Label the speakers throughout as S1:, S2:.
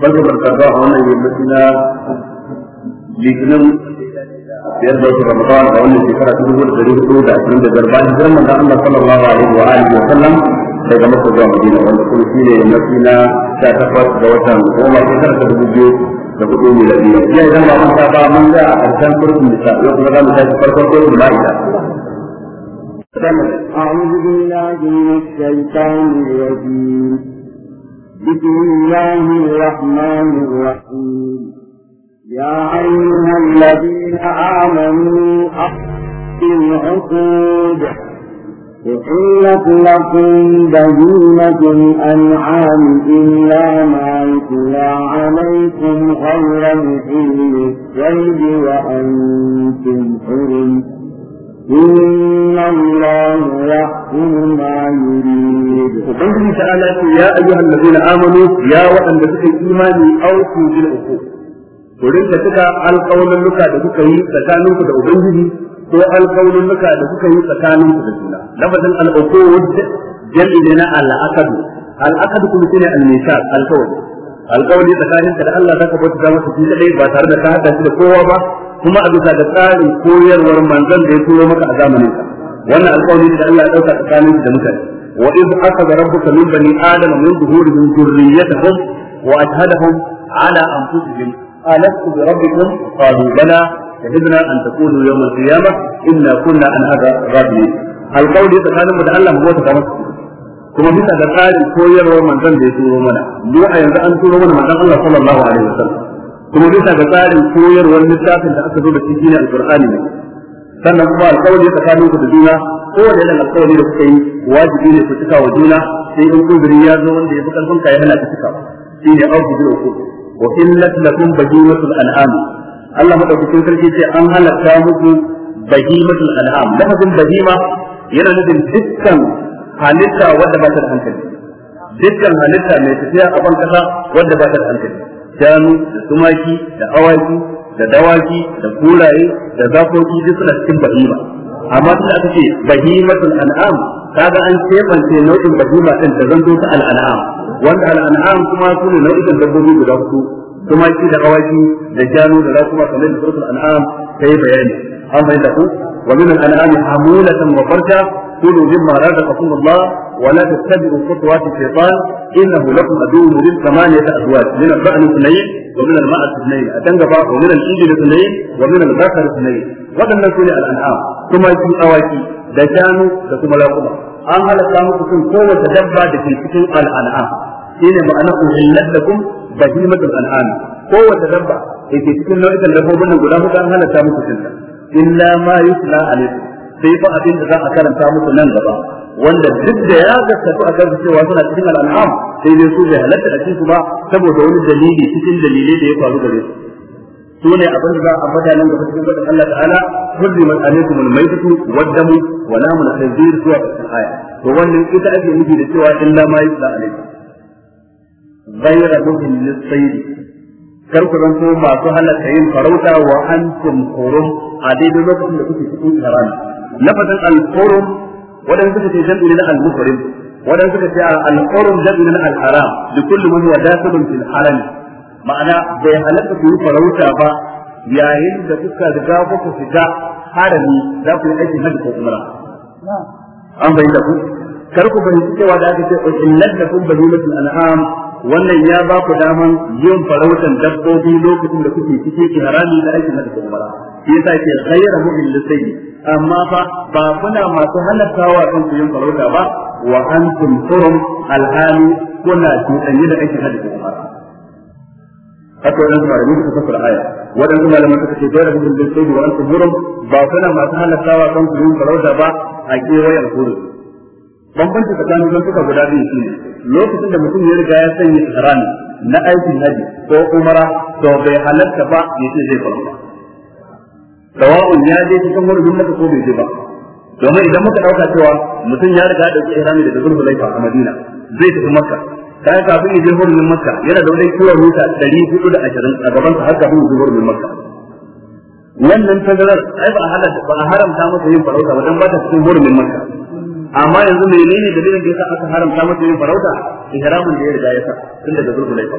S1: barka ba a wannan yammaci na litinin biyar da wata a wannan shekara ta dubu da dari hudu da ashirin da biyar bayan girman da Allah sallallahu alaihi wa alihi wa sallam daga masa zuwa madina wanda kuma shi ne yammaci sha takwas da watan goma shekara ta dubu biyu da hudu miladiya ya idan ba mun ba mun ga a ƙarshen kurkun nisa yau kuma za mu tashi farkon kurkun ma'ida
S2: أعوذ بالله من الشيطان الرجيم بسم الله الرحمن الرحيم يا أيها الذين آمنوا أحسوا العقود أحلت لكم بهيمة الأنعام إلا ما يتلى عليكم غير محل الصيد وأنتم حرم إن الله
S1: يحكم ما يريد وبنجي تعالى يا أيها الذين آمنوا يا وأن لديك إيماني أوفوا بالعقول ورين da kuka yi tsakaninku da ubangiji ko alƙawarin nuka da kuka yi tsakaninku da juna lafazin al'uqud jami ne na Al'akadu al'aqad kuma shine al-mishaq alƙawari alƙawari tsakanin ka da Allah za ka bauta masa shi ba tare da ka haɗa shi da kowa ba kuma a bisa da tsarin koyarwar manzon da ya turo maka a zamanin ka wannan alƙawari da Allah ya dauka tsakanin da mutane wa idh akhadha rabbuka min bani adama min zuhurihim dhurriyyatahum wa ashhadahum ala anfusihim alastu bi rabbikum qalu bala shahidna an taqulu yawm al-qiyamah inna kunna an hadha rabbi alƙawari tsakanin mu da Allah mu wata kamar kuma bisa da tsarin koyarwar manzon da ya turo mana duk a yanzu an turo mana manzon Allah sallallahu alaihi wasallam kuma bisa ga tsarin koyarwar littafin da aka zo da cikin alqur'ani ne sannan kuma alƙawari tsakanin ku da juna kowane irin alƙawari da kuka yi wajibi ne ku cika wa juna sai in kudiri ya zo wanda ya fi karfin ka ya hana ka cika shi ne auku bi uku wa illat lakum bahimatul an'am Allah madaukakin sarki ce an halatta muku bahimatul an'am lafazin bahima yana nufin dukkan halitta wadda ba ta da hankali dukkan halitta mai tafiya a ban kasa wadda ba ta da hankali shanu da tumaki da awaki da dawaki da kuraye da zakoki duk suna cikin bahima amma tun aka ce bahimatul an'am kaga an kebance nau'in bahima din da zanto ta al'an'am wanda al'an'am kuma su ne nau'ikan dabbobi guda hudu tumaki da awaki da shanu da rakuma kamar da suratul an'am sai bayani an bayyana ku ومن الأنعام حمولة وفرشا كلوا مما رزقكم الله ولا تتبعوا خطوات الشيطان إنه لكم عدو مبين ثمانية أزواج من الضأن اثنين ومن الماء اثنين أتنقفا ومن الإنجل اثنين ومن البقر اثنين وذن سنة الأنعام ثم يكون أواكي دجانو لكم لكم أن هلك لكم قوة دبا لكي تكون الأنعام إنما معنى أهلت لكم بهيمة الأنعام قوة دبا لكي تكون نوعية الربوبين ولا هدى هلك لكم illa ma yusla alaikum sai fa abin da za a karanta muku nan gaba wanda duk da ya gaskatu a kansu cewa suna cikin al'am sai dai su bai halatta a cikin su ba saboda wani dalili cikin dalilai da ya faru gare su su ne abin da za a fada nan gaba cikin faɗin Allah ta'ala hurrimat alaikum al-maytatu wad-damu wa lamu mun khinzir zuwa cikin aya to wannan ita ake nufi da cewa illa ma yusla alaikum ghayra muhim lis-sayd kar ku zanto masu halatta yin farauta wa antum hurum a daidai lokacin da kuke cikin ihram lafazin al-qurum wadan suka ce jam'i na al-muqrim wadan suka ce al-qurum jam'i na al-haram li kulli man huwa fil haram ma'ana bai halatta ku farauta ba yayin da kuka riga ku fita harami za ku yi aikin hajji ko umra an bayyana ku kar ku fahimci cewa da aka ce illan da kun bahimatul wannan ya ba ku daman yin farautan dabbobi lokacin da kuke cike ki harami da aikin hajji ko umra yasa ke ghayra mu'min sai amma fa ba kuna masu wa kan ku yin farauta ba wa antum turum alhali kuna tudanni da ake hadisi ba haka wadansu malamai suka kafar aya wadanda malamai suka ce da mu'min sai wa antum turum ba kuna masu wa kan ku yin farauta ba a kewayen hurum bambanci tsakanin suka guda biyu shine lokacin da mutum ya riga ya sanya harami na aikin haji ko umara to bai halatta ba yace zai faru. sawa'un ya je cikin hurumin maka ko bai je ba domin idan muka dauka cewa mutum ya riga da rami daga zurfin laifa a Madina zai tafi Ta yi kafin ya je hurumin Makka yana da wani da ashirin a gaban sa har kafin ya je hurumin Makka wannan tazarar ai ba a haramta masa yin farauta ba ba ta cikin hurumin maka amma yanzu mai ne dalilin da yasa aka haramta masa yin farauta ihramin da ya riga ya sa tun daga zurfin laifa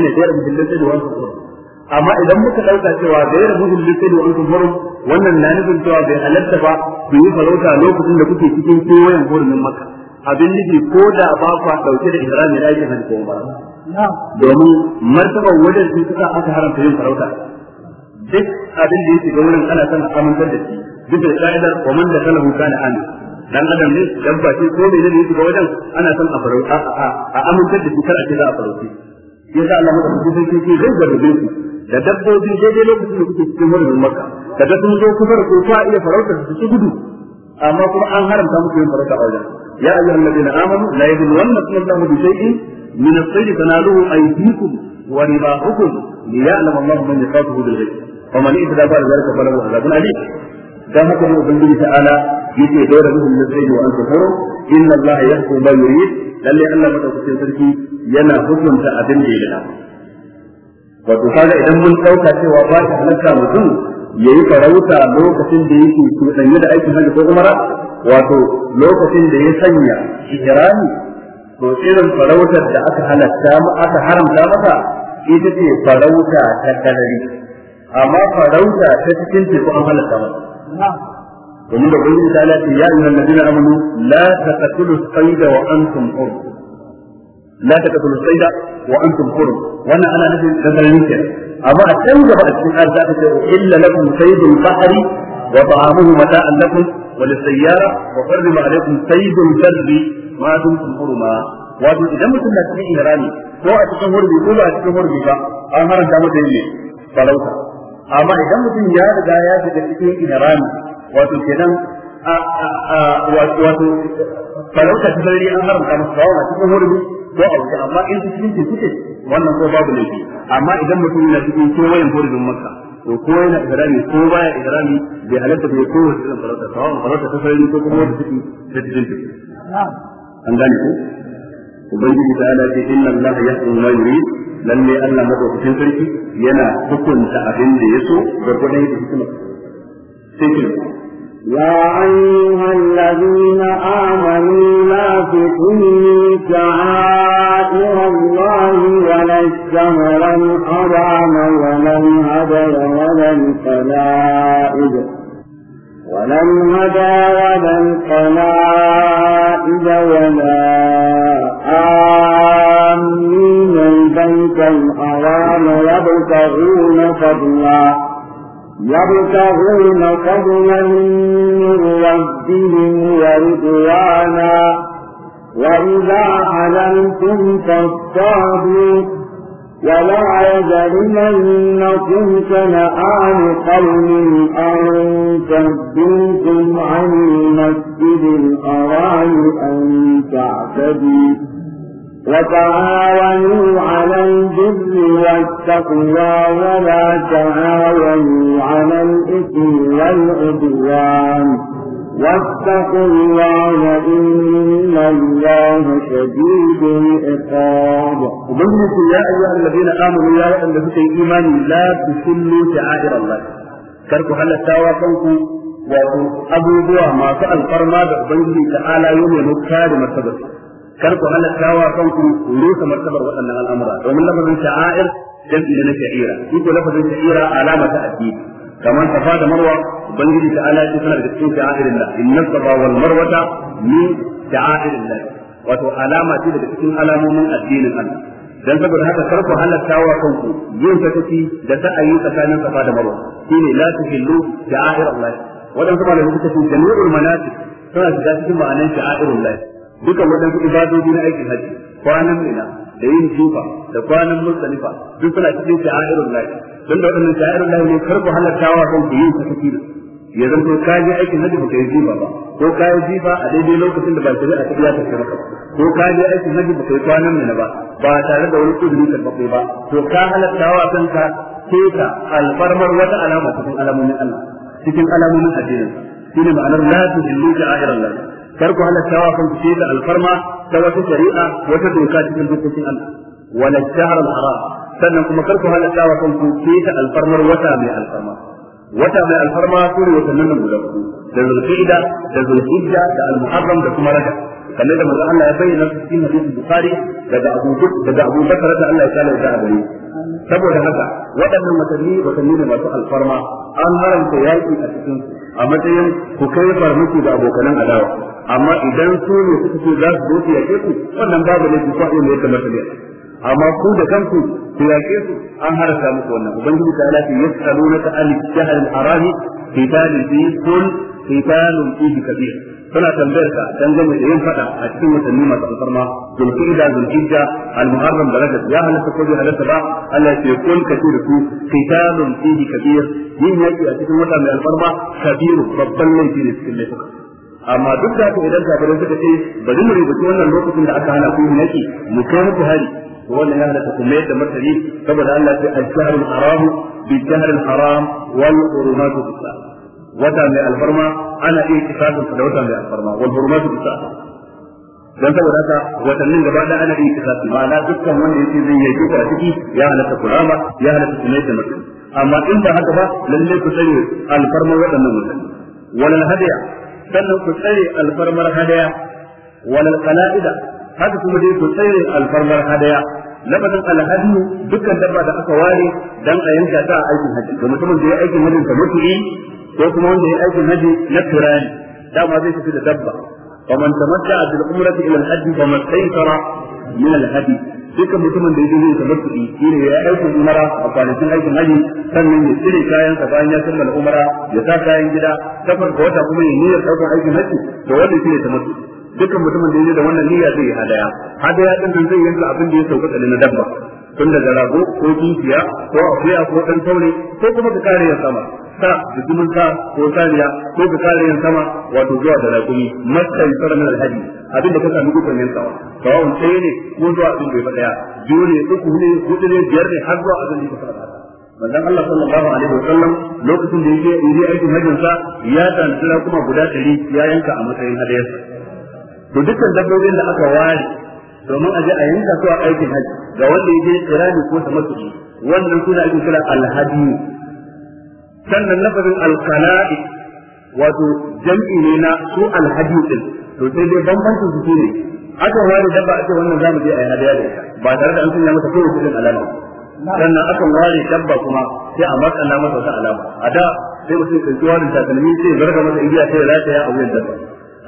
S1: ne sai da mutum da wani amma idan muka dauka cewa gairu muhim lisan wa antum hurum wannan na nufin cewa bai halatta ba ku yi farauta lokacin da kuke cikin kewayen hurumin maka abin nufi ko da ba kwa dauke da ihrami da yake hanko ba domin martaban wajen sun suka aka haramta yin farauta duk abin da yake ga wurin ana son a amintar da shi duk da ka'idar wa man da kalahu na amin dan adam ne dabba ce ko ne ne yake ga wajen ana son a farauta a amintar da shi kar a ce za a farauta yasa Allah maka madaukakin sarki zai gargaɗe ku da dabbobi daidai lokacin da kuke cikin wurin maka kaga sun zo kusa da kofa iya farautar su su gudu amma kuma an haramta muku yin farauta a wajen ya ayyuhal ladina amanu la yadulwannakum Allahu bi shay'in min as-sayd tanaluhu aydikum wa rimahukum liya'lam Allahu man yaqatuhu bil ghaib faman ittaba ba'da dhalika falahu adhabun alim dan haka ne ubangiji ta'ala yake dora mutum na tsaye wa anka karo inna allaha yahkum ma yurid lalle Allah madaukakin sarki yana hukunta abin da ya gada wato kaga idan mun dauka cewa ba shi halatta mutum yayi farauta lokacin da yake cuɗanye da aikin hajji ko umara wato lokacin da ya sanya ihrami to irin farautar da aka halatta aka haramta masa ita ce farauta ta kalari amma farauta ta cikin teku an halatta masa domin da ubangiji ta lati ya ayyuhan ladina amanu la taqtulu as sai da antum hurum la taqtulu sayda wa antum hurum wannan ana nufin nazarani kenan amma a can gaba a cikin arza ta ce illa lakum saydul bahri wa ta'amuhu mata'an lakum wa lisayyara wa harrama alaykum saydul barri ma dumtum huruma wato idan mutum na cikin ihrami ko a cikin hurbi ko ba a cikin hurbi ba an haranta masa yin ne farauta amma idan mutum ya riga ya shiga cikin ihrami wato kenan wato farauta ta sarari an haramta masa bawon a cikin hurbi ko a wuce amma in cikin ce kuke wannan ko babu laifi amma idan mutum yana cikin kewayen gurbin makka to ko yana ihrami ko baya ihrami bai halatta bai ko wata irin farauta sawan farauta ta sarari ko kuma wata cikin da cikin ciki an gane ko ubangiji ta ala ce inna allaha yahkum ma yurid lalle allah madaukakin sarki yana hukunta abin da yaso gargwadon yadda hikima sai ke يا أيها الذين
S2: آمنوا لا تكونوا شعائر الله ولا الشهر الحرام ولا الهدي ولا القلائد ولا الهدى ولا القلائد ولا آمين البيت الحرام يبتغون فضلا يبتغون فضلا من ربهم ورضوانا وإذا علمتم فاصطادوا ولا يجرمنكم شنآن قوم أن تبدوكم عن المسجد الحرام أن تعتدوا وتعاونوا على الجبن والتقوى ولا تعاونوا على الإثم والعدوان واتقوا الله إن الله شديد العقاب وبنت
S1: يا أيها الذين آمنوا يا أيها الذين آمنوا لا تسلوا شعائر الله كركوا حل التاوى كوكو wato ما masu alfarma da تعالى يوم ala yau ne kar ku halatta wa kanku rusa martabar waɗannan al'amura domin lafazin sha'air jam'i na sha'ira shi ko lafazin sha'ira alama ta addini kamar safa da marwa ubangiji ta ala ce suna daga cikin sha'airin da inna safa wal marwata min sha'airin da wato alama ce daga cikin alamomin addinin Allah dan saboda haka kar ku halatta wa kanku yin sakaci da sa'ayi tsakanin safa da marwa shine la tuhillu sha'air Allah wadansu malamai suka ce jami'ul manasik suna shiga cikin ma'anar sha'airul lahi dukan waɗansu ibadodi na aikin haji kwanan mina da yin jufa da kwanan musalifa duk suna cikin sha'irun lahi don da waɗannan sha'irun lahi ne karku halartawa kan ku yi ka tafi ya zanto ka je aikin haji ba ka yi jifa ba ko ka yi jifa a daidai lokacin da ba shari'a a tafiya ta maka ko ka je aikin haji ba ka yi kwanan mina ba ba tare da wani kudin bakwai ba to ka halartawa kanka keta alfarmar wata alama cikin alamomin Allah cikin alamomin addinin shine ma'anar la tuhillu sha'irun lahi kar ku halatta wa kan ku da alfarma ta wata shari'a wata doka cikin dokokin Allah wala shahr al-haram sannan kuma kar ku halatta wa kan ku da alfarmar wata mai alfarma wata mai alfarma su ne watannin nan guda uku da zulhijja da zulhijja da al-muharram da kuma rajab kamar da manzo Allah ya bayyana cikin hadisin bukhari daga Abu daga Abu Bakar da Allah ya kana da abin saboda haka waɗannan watanni watanni ne masu alfarma an haramta yaƙi a cikin a matsayin ku kai farmaki da abokanan adawa amma idan su ne suka ce za su zo su yake ku wannan babu ne ku faɗi ne kamar tabi'a amma ku da kanku ku yake su an harasa muku wannan ubangiji ta alafi yas'alunaka an shahr al-harami qitalu fi kun qitalun fi kabir suna tambayar ka gama da yin faɗa a cikin watanni masu alfarma zulqa'ida zulhijja al-muharram da rajab ya halatta ko bai halatta ba Allah ya kun ka ce da su qitalun fi kabir yin yaki a cikin wata mai alfarma kabiru babban laifi ne cikin laifuka amma duk da haka idan kafirai suka ce bari mu rubuta wannan lokacin da aka hana ku yaki mu kai muku hari wannan ya halatta kuma yadda martani saboda Allah ya al-shahr al-haram bi shahr haram wal hurumat al wata mai alfarma ana iya kitabun da wata mai alfarma wal hurumat al dan saboda haka watannin gaba da ana iya kitabun ma'ana dukkan wanda yake zai yi duka a ciki ya halatta kurama ya halatta kuma yadda martani amma in ba haka ba lalle ku sani alfarma waɗannan mutane wal hadiya sannan ku tsare alfarmar hadaya walal qala'ida haka kuma dai ku tsare alfarmar hadaya lafazin alhadu dukkan dabba da aka ware dan a yanka ta a aikin haji da mutumin da ya aikin hajin ka mutu'i ko kuma wanda ya aikin haji na turani dama zai tafi da dabba فمن تمتع بالعمرة إلى الحج فما استيسر من الهدي dukkan mutumin da ya zai shi ne ya aiki umara a kwanakin aikin haji sannan ya cire kayan sa bayan ya kammala umara ya sa kayan gida kafar ga wata kuma ya niyyar daukar aikin hajji da wanda ta mutu dukkan mutumin da ya da wannan niyya zai yi hadaya hadaya din zai yanzu abin da ya sauka na dabba tun daga rago ko dukiya ko akuya ko dan taure ko kuma ka kare yan sama sa da gumin sa ko kariya ko ka kare yan sama wato zuwa da ragumi makai sara min abin abinda ka sami gukan yan sama kawai sai ne ko zuwa abin bai faɗaya biyu ne uku ne hudu ne biyar ne har zuwa abin da ka fada manzon Allah sallallahu alaihi wasallam lokacin da yake yi aikin hajjin sa ya tantara kuma guda 100 ya yanka a matsayin hadayarsa to dukkan dabbobin da aka ware domin a je a yanka su a aikin haji ga wanda ya yake kirani ko tamattu'i wannan suna ake kira alhaji sannan lafazin alqala'i wato jam'i ne na su alhaji din to sai dai bambancin su ne aka ware dabba a ce wannan zamu je a yi hadaya da ba tare da an sanya masa kowace irin alama sannan akan ware dabba kuma sai a matsala masa wata alama a da sai mutum kan ci wani takalmi sai zarga masa igiya sai ya rataya a wuyan dabba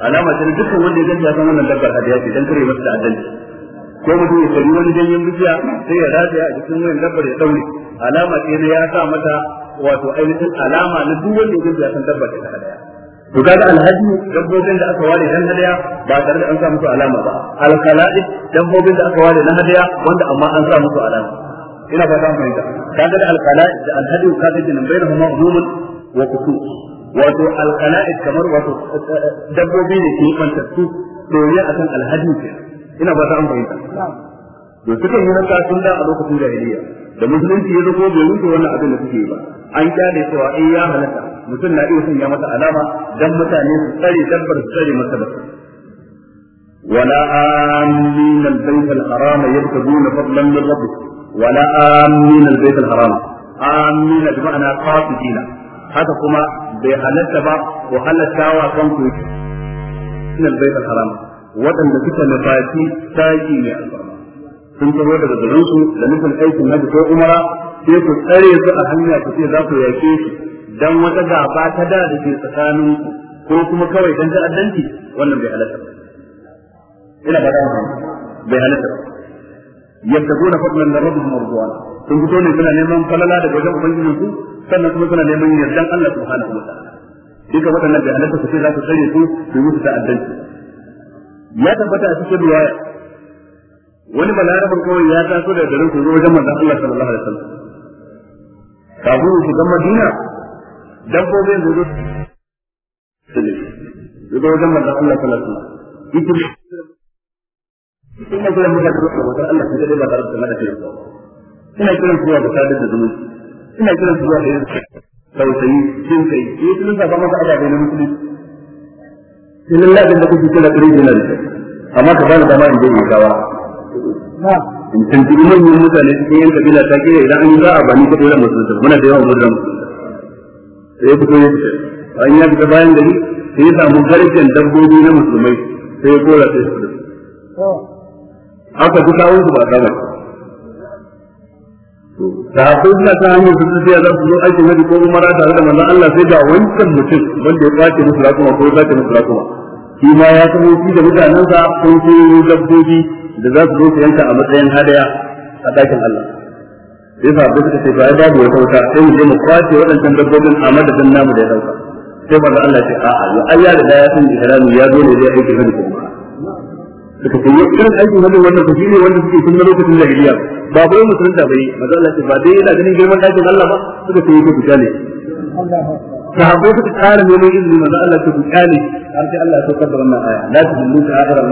S1: alama ce dukkan wanda ya gaji ganta san wannan dabbar hadiya ce dan kare masa da adalci ko mutum ya kalli wani ganyen bishiya sai ya rataya a cikin wani dabbar ya daure alama ce na ya sa mata wato ainihin alama na duk wanda ya ya san dabbar ta hadaya to kaga alhaji dabbobin da aka ware na hadaya ba tare da an sa musu alama ba alqala'id dabbobin da aka ware na hadaya wanda amma an sa musu alama ina fata an fahimta kaga da alqala'id da alhaji kaga jinin bainahuma umuman wa khusus wato alqala'id kamar wato eh, eh, dabbobi ne ke mantattu to ya akan alhaji kenan ina ba ta an fahimta da suka yi raka tun da a lokacin jahiliya da musulunci ya zo bai abu wannan abin da suke yi ba an kyale cewa in eh, ya halatta mutum na iya sanya mata alama dan mutane su tsare dabbar su tsare masa da ولا آمين البيت الحرام يبتغون فضلا من ربك ولا آمين البيت الحرام آمين بمعنى قاصدين haka kuma bai halatta ba ko halatta wa kanku min waɗanda suka nufaci taji ne alfarma sun taho daga garinsu da nufin aikin na ko umara sai ku tsare su a hanya ku ce za ku yaƙe shi. dan wata gaba ta da da ke tsakanin ku ko kuma kawai dan ta'addanci wannan bai halatta ina ba da bai halatta ba yattabuna fadlan min rabbihim marduwana sun fito ne suna neman falala daga wajen ubangijin su sannan kuma suna neman yardan Allah subhanahu wa ta'ala duka waɗannan bai halatta su sai za su tsare su su yi musu ta'addanci ya tabbata a cikin riwaya wani balarabin kawai ya taso da garin su wajen manzon Allah sallallahu alaihi wasallam kafin su shiga Madina dabbobin zo su zo wajen manzon Allah sallallahu alaihi wasallam ne kiran muka da roƙa wata Allah ta dade ba tare da nada ina kiran zuwa ga sadar da zumunci ina kiran su ga tausayi jin kai ne tun sa ba maka adabai na musulunci sai lalle abin da kuke kira original amma ka bani dama in je in gawa in tantu manyan mutane cikin yan kabila ta kira idan an yi za a ba ni kaɗai da muna da yawan musulunta sai ya fito an ya fita bayan gari sai ya samu garken dabbobi na musulmai sai ya kora sai su aka fi kawo su ba a da ko suna ta hanyar su tafiya za su zo aikin hajji ko umara tare da manzon Allah sai da wancan mutum wanda ya kwace musu rakuma ko ya kwace musu rakuma shi ma ya san shi da mutanensa ko shi dabbobi da za su zo su yanka a matsayin hadaya a ɗakin Allah sai fa ba suka ce ba ya babu sai mu je mu kwace waɗancan dabbobin a madadin namu da ya dauka sai manzon Allah ya ce a'a ya ayya da ya san ihrami ya zo ne zai aikin hajji ko umara suka ce irin aikin hajji wannan ba shine wanda suke tun lokacin jahiliya ba ba musulunta bane manzo Allah ce ba dai yana ganin girman Allah ba suka suka neman izini manzo Allah ce ku kyale har sai Allah ya saukar da wannan aya la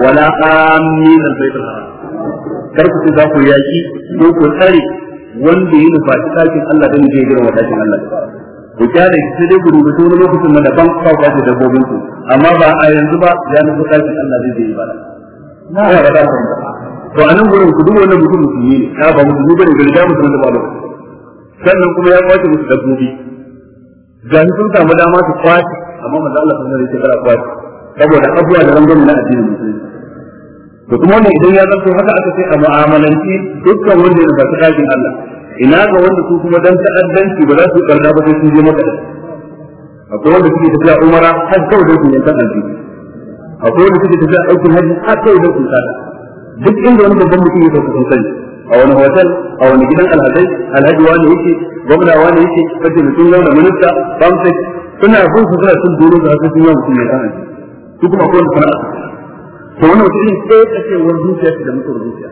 S1: Allah kar ku za ku yaki ko ku tsare wanda yi nufa takin Allah dan je girma takin Allah ku kyale dai ku rubuta wani lokacin na daban ka kwace dabbobin ku amma ba a yanzu ba ya nufi ɗakin Allah zai yi ba na ya ba to a nan gurin ku duk wannan mutum musulmi ne ya ba musulmi bane ga da musulmi da ba lokaci sannan kuma ya kwace musu dabbobi ga shi sun samu dama su kwace amma manzo Allah sun rike kara kwace saboda abuwa da rangon na addini musulmi to kuma wannan idan ya zanto haka aka ce a mu'amalanci dukkan wanda ya zaci ɗakin Allah ina ga wanda su kuma dan ta'addanci ba za su karna ba sai sun je maka akwai wanda suke tafiya umara har kawai da su yankan aji. akwai wanda suke tafiya aikin hajji har kawai dai su sada duk inda wani babban mutum ya tafi sun a wani hotel a wani gidan alhaji, alhaji wani yake gwamna wani yake kace mutum zauna minista bamsek suna bin su suna sun dole su haka sun yi mutum yankan aljihu su kuma akwai wanda sana'a to wannan ne irin tsaye tsakewar zuciya da mutum zuciya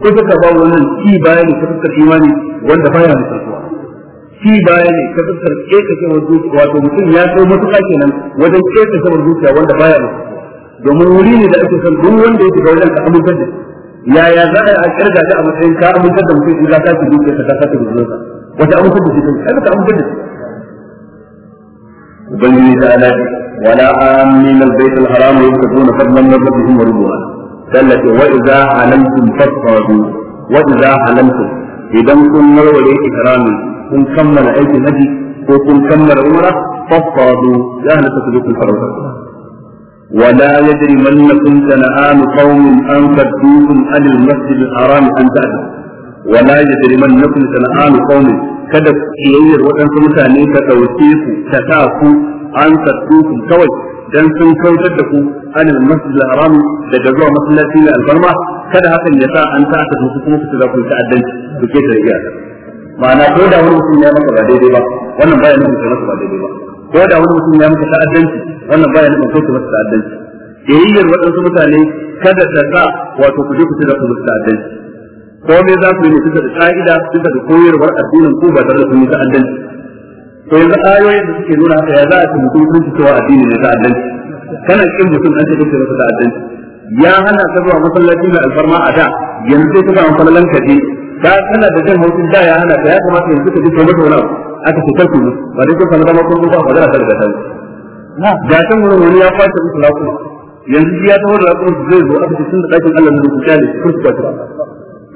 S1: ko ka ba wannan ki baya ne ta imani wanda baya mutuntuwa ci baya ne ta fuskar tsakewar zuciya wato mutum ya kai matuƙa kenan wajen ke wani zuciya wanda baya mutuntuwa domin wuri ne da ake san duk wanda yake da wajen ka amintar da yaya za a kirga da a matsayin ka amintar da mutum in ka ci zuciya ka ta zuciya wata amintar da shi kai ka amintar da shi ubangiji ta ala wala amina albayt alharam yabtaguna fadlan min rabbihim wa ridwana sallati wa idza halaltum fasfadu wa idza halaltum idan kun narware ikramin kun kammala aikin haji ko kun kammala umra fasfadu ya halatta ku kun farauta ولا يجرمنكم شنآن قوم أن صدوكم عن المسجد الحرام أن تعدوا ولا يجرمنكم شنآن قوم kada kiyayyar waɗansu mutane ta ɗauke ku ta sa ku an sattu ku kawai dan sun kautar da ku anil masjid al-haram daga zuwa masallaci na alfarma kada hakan ya sa an ta ku kuma ku za ku ta'addanci ku ke da iya ma'ana ko da wani mutum ya maka ba daidai ba wannan baya nufin ka masa ba daidai ba ko da wani mutum ya maka ta'addanci wannan baya nufin kai masa ta'addanci kiyayyar waɗansu mutane kada ta sa wato ku je ku za ku ta'addanci ko me za su yi bisa da ka'ida bisa da koyarwar addinin ku ba tare da sun yi ta'addanci to yanzu ayoyin da suke nuna haka ya za a ce mutum sun ci cewa addini ne ta'addanci kana kin mutum an ce kace masa ta'addanci ya hana ka zuwa masallaci da alfarma a da yanzu sai ka samu falalan ka je ka kana da jan hausin da ya hana ka ya kamata yanzu ka je ka mata wani aka ce karku ba dai kun falala ma kun ba ba za a sarga ta da kan wurin wani ya kwace musu lafiya yanzu ya taho da lafiya zai zo aka ce tun da ɗakin Allah ne ku kyale kun ku kwace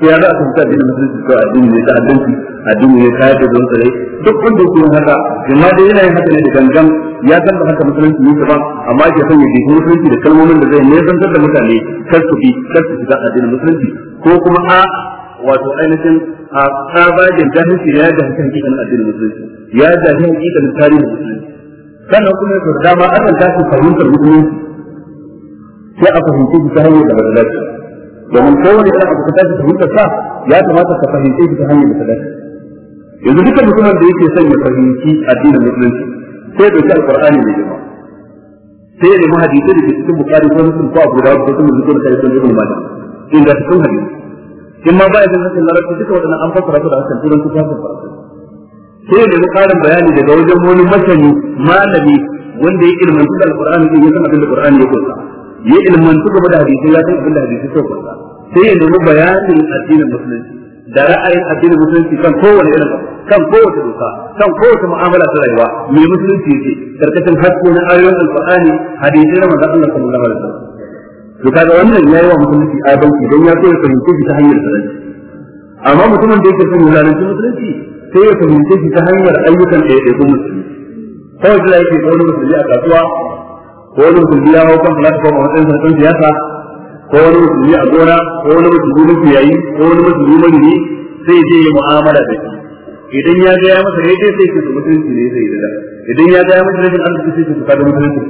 S1: to ya za a fahimta addinin musulunci ko addini ne ta addinci addini ne kaya da zan tsare duk wanda yake yin haka jama'a dai yana yin haka ne da gangan ya san da haka musulunci ne ta ba amma ya san ya jefi musulunci da kalmomin da zai ne zantar da mutane kar su bi kar su shiga addinin musulunci ko kuma a wato ainihin a tsabagen jahilci ya jahilci hakikanin addinin musulunci ya jahilci hakikanin tarihin musulunci sannan kuma ya dama akan tashi fahimtar musulunci sai a fahimci ta hanyar da ba da domin ko wani irin abu ka tashi fahimtar sa ya kamata ka fahimce shi ta hanyar da ta dace yanzu duka mutumin da yake son ya fahimci addinin musulunci sai da shi alqur'ani ne girma sai ya nemi hadisi da ke cikin bukari ko musulun ko abu dawud ko kuma zikirin kai sun ibn da inda cikin hadisi in ma baya da nasin larabci duka waɗannan an fasa su da hakan turanci ko hakan faransa sai ya nemi ƙarin bayani daga wajen wani masani malami wanda ya ilmantu da alqur'ani din ya san abin da alqur'ani ya kusa ya ilmantu game da hadisi ya san abin da hadisi ya kunsa sai ya nemi bayanin addinin musulunci da ra'ayin addinin musulunci kan kowane irin abu kan kowace doka kan kowace mu'amala ta rayuwa me musulunci yake karkashin hasko na ayoyin alqur'ani hadisi na manzon Allah sallallahu alaihi wasallam to kaga wannan yayi wa musulunci adalci don ya so ya fahimce shi ta hanyar zalunci amma mutumin da yake son ya zalunci musulunci sai ya fahimce shi ta hanyar ayyukan da ya ɗaiɗaiku musulunci kawai da yake ko wani musulmi a kasuwa ko wani musulmi ya hau kan platform a matsayin sarkin siyasa ko wani musulmi a gona ko wani musulmi mafiyayi ko wani musulmi manini sai je ya mu'amala da shi idan ya ga ya masa dai sai su mutunci ne zai da idan ya ga ya masa dai Allah sai su kada mutunci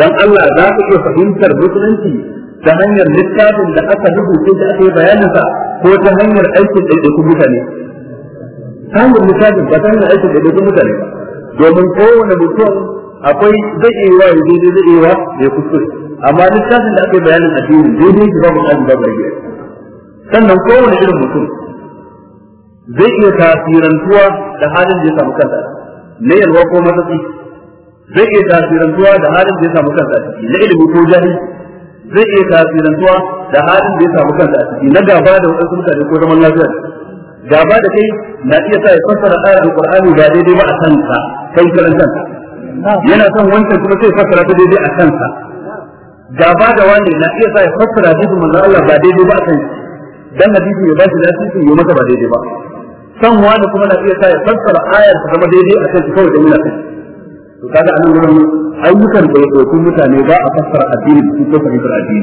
S1: dan Allah za ka iya fahimtar mutunci ta hanyar littafin da aka rubuta da aka yi bayanin sa ko ta hanyar aikin ɗaiɗaikun mutane ta hanyar littafin ba ta hanyar aikin ɗaiɗaikun mutane domin kowane mutum akwai zai iya yi wa daidai zai iya wa ya kuskure amma littafin da aka yi bayanin addini daidai shi babu kan babu rage sannan kowane irin mutum zai iya tasirantuwa da halin da ya samu kansa na yalwa ko matsatsi zai iya tasirantuwa da halin da ya samu kansa a ciki na ilimi ko jahil zai iya tasirantuwa da halin da ya samu kansa a ciki na gaba da wasu mutane ko zaman lafiya gaba da kai na iya sa ya fassara ayar qurani ba daidai ba a kansa kai karan yana son wancan kuma sai fassara ta daidai a kansa gaba da wani na iya sa ya fassara hadisin manzo Allah ba daidai ba kan dan hadisin ya ba shi lafiya ya masa ba daidai ba san wani kuma na iya sa ya fassara ayar ta zama daidai a kan kawai da muna kai to kaga anan gurin ayyukan da ya kun mutane ba a fassara addini su ko fahimtar addini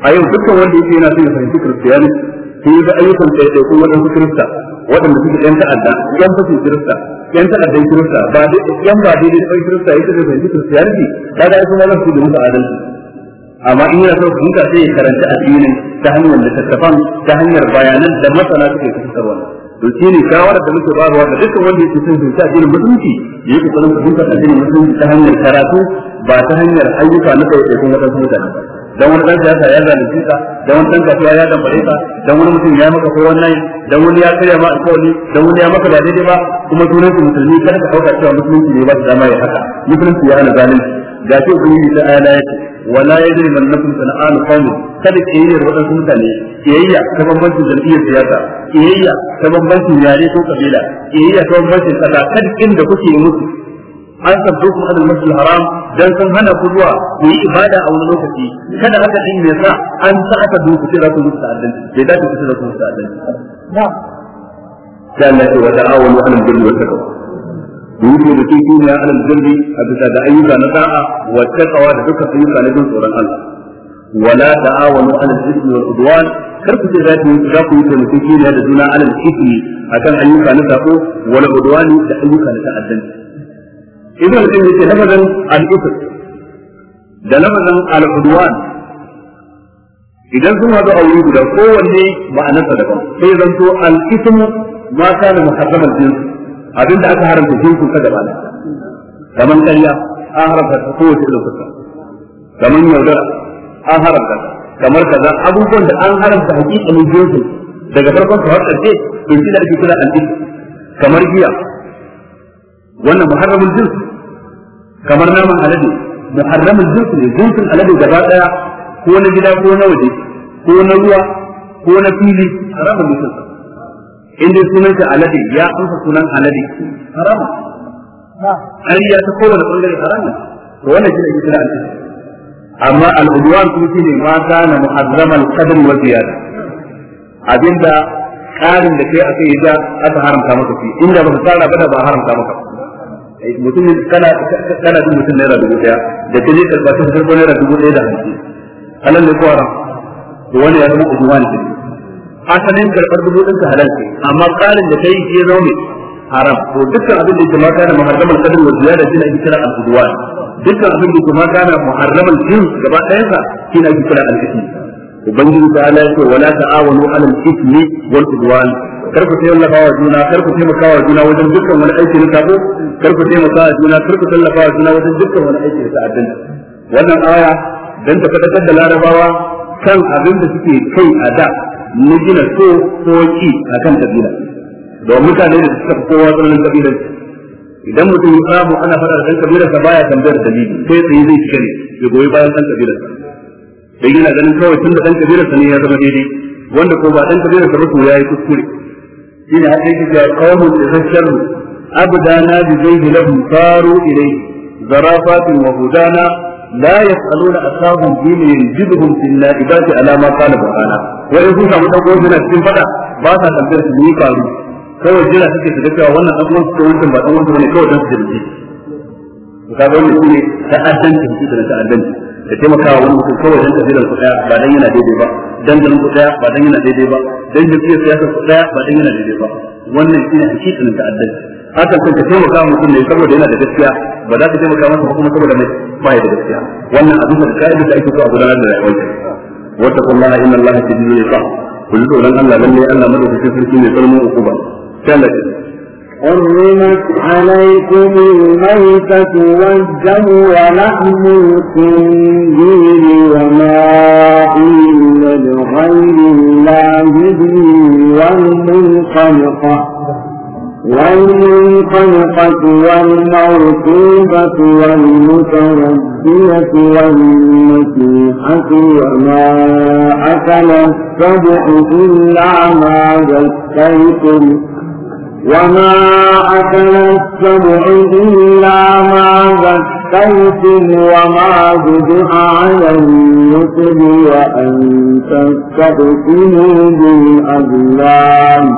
S1: a yau dukkan wanda yake yana son ya fahimci kristiyani sai ga ayyukan da yake dauki wadansu kirista waɗanda suke yan ta'adda yan fasin kirista yan ta'addan kirista ba dai yan ba daidai da kirista yake da fahimci kristiyanci kaga kuma zan su da musu adalci amma in yana son fahimta sai ya karanta addinin ta hanyar littattafan ta hanyar bayanan da masana suke fitar wannan to shi ne shawara da muke bayarwa da dukkan wanda yake son fahimta addinin musulunci ya yi kokarin fahimtar addinin musulunci ta hanyar karatu ba ta hanyar ayyuka na kai kun wadansu mutane dan wani dan siyasa ya zalunce ka dan wani dan kasuwa ya dambare ka dan wani mutum ya maka kowa nan dan wani ya kare ma alƙawari dan wani ya maka ba daidai ba kuma sunan su musulmi kada ka dauka cewa musulunci ne ba su dama ya haka musulunci ya hana zalunci ga shi ubangiji ta ayala yake wala ya yajrimannakum sana'an qawmin kada kiyayyar waɗansu mutane kiyayya ta bambancin jam'iyyar siyasa kiyayya ta bambancin yare ko kabila kiyayya ta bambancin kasa kada inda kuke musu an sabdo ku adal masjid haram dan sun hana ku zuwa ku yi ibada a wani lokaci kada haka din me sa an sa aka duku sai za ku musu ta'addan bai dace ku sai za ku musu ta'addan na da Allah ya wa ta'awunu alal birri wa taqwa yuri da ke kina ya alal jalli a bisa da ayyuka na da'a wa taqwa da dukkan ayyuka na jin tsoron Allah wala ta'awanu alal ithmi wal udwan kar ku ce za ku za ku yi taimako kina da juna alal ithmi akan ayyuka na sako wal udwan da ayyuka na ta'addanci idan mutum yake lafazan al-ithm da lafazan al-udwan idan sun haɗu a wuri guda kowanne ma'anarsa daban sai zanto al-ithm ma kana muharraman jinsi abin da aka haramta shi kun kada bala kaman ƙarya an haramta ta kowace irin kamar kaman yaudara an haramta kamar kaza abubuwan da an haramta hakikanin jinsu daga farkon su har ƙarshe to shi da ake kira al'is kamar giya wannan muharramul jins kamar naman alade muharramul jins ne jinsin alade gaba daya ko na gida ko na waje ko na ruwa ko na fili haramun jinsin in dai sunan ta alade ya amsa sunan alade haram har ya ta kowane bangare harama to wannan shi ne ake kira alade amma al'udwan kuma ne ma kana muharramal qadr wa ziyada abinda karin da kai akai ya aka haramta maka shi inda ba ka tsara ba ba haramta maka eh, mutum kana kana jin mutum naira dubu daya da kaje ka ba ta naira dubu daya da hamsin halal ne ko haram to wani ya zama udwan ne asalin karɓar dubu ɗin ka halal ce amma ƙarin da kai shi ya zaune haram to dukkan abin da yake ma kana muharraman kadar wa ziyada shi ne ake kira al-qudwan dukkan abin da yake ma kana muharraman jin gaba ɗayan sa shi ne ake kira al-ismi ubangiji ta ala ce wala ta'awanu alal ismi wal udwan kar ku taimaka wa juna kar ku taimaka wa juna wajen dukkan wani aiki na sabo kar ku taimaka wa juna kar ku tallafa wa juna wajen dukkan wani aiki na ta'addin wannan aya dan ta fadakar da larabawa kan abin da suke kai a da mu gina so ko ki akan kabila don mutane da suka kowa tsananin kabilan idan mutum ya samu ana faɗa da ɗan kabilar sa baya tambayar dalili sai tsaye zai cika ne ya goyi bayan ɗan kabilar sa dan yana ganin kawai tun da ɗan kabilar sa ne ya zama daidai wanda ko ba ɗan kabilar sa ba to yayi kuskure shine har yake cewa qawmun Abu-dana bi zaydi lahum faru ilayhi zarafatin wa hudana لا يسألون أصحابهم دين ينجدهم في النائبات على ما قال برهانا وإن كنت متقوم من السن فلا باسا تنبير في ميقا kawai jira suke su gaskiya wannan abubuwan su wancan ba ɗan wancan bane kawai don su jirgi ka ga wannan shine ta'addanci su da ta'addanci taimakawa wani mutum kawai dan kabilar su ɗaya ba dan yana daidai ba dan dan su ɗaya ba dan yana daidai ba dan jirgin siyasar su ɗaya ba dan yana daidai ba wannan shine hakikanin ta'addanci hakan kun ka taimaka wa mutum ne saboda yana da gaskiya ba za ka taimaka masa ba kuma saboda mai ba ya da gaskiya wannan abin da ka yi da ake so a gudanar da rayuwar ka wata kullaha inna allaha shadidul iqab kullu tsoron Allah lalle Allah madaukakin sarki ne sarmin hukuma sai Allah
S2: حرمت عليكم الميتة والدم ولحم الخنزير وما أهل لغير الله به والمنخنقة والمنخلقة والمعصوبة والمتردية والمسيحة وما أكل السبع إلا ما ذكيتم وما أكل السبع إلا ما ذكيتم وما ذبح على النسب وأن تستقسموا بالأزلام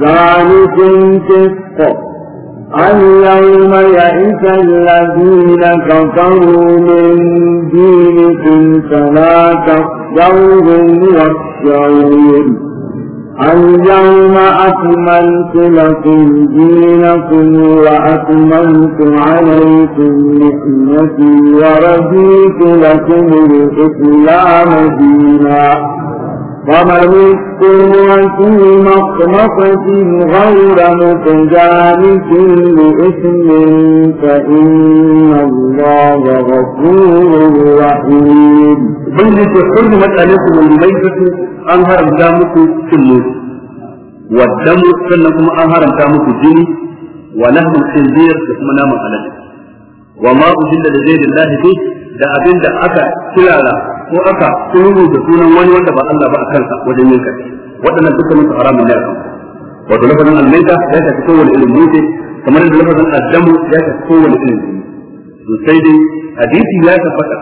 S2: ذلكم فسق اليوم يئس الذين كفروا من دينكم فلا تخشوهم واخشوني اليوم أكملت لكم دينكم وأتممت عليكم نعمتي ورضيت لكم الإسلام دينا ومرت في مخمصة غير متجانس لإثم فإن الله غفور
S1: رحيم بلد حرمت عليكم الميتة أنهر دامكم كلوس والدم سنكم أنهر دامكم جني ولهم الخنزير لكم نام على وما أجل لغير الله به da abin da aka kilala ko aka tsuru da sunan wani wanda ba Allah ba a kansa wajen yin kashi waɗannan dukkanin su haramun ne a kan wato lafazin almaita ya shafi kowane irin dutse kamar yadda lafazin addamu ya shafi kowane irin dutse sai dai hadisi ya tabbata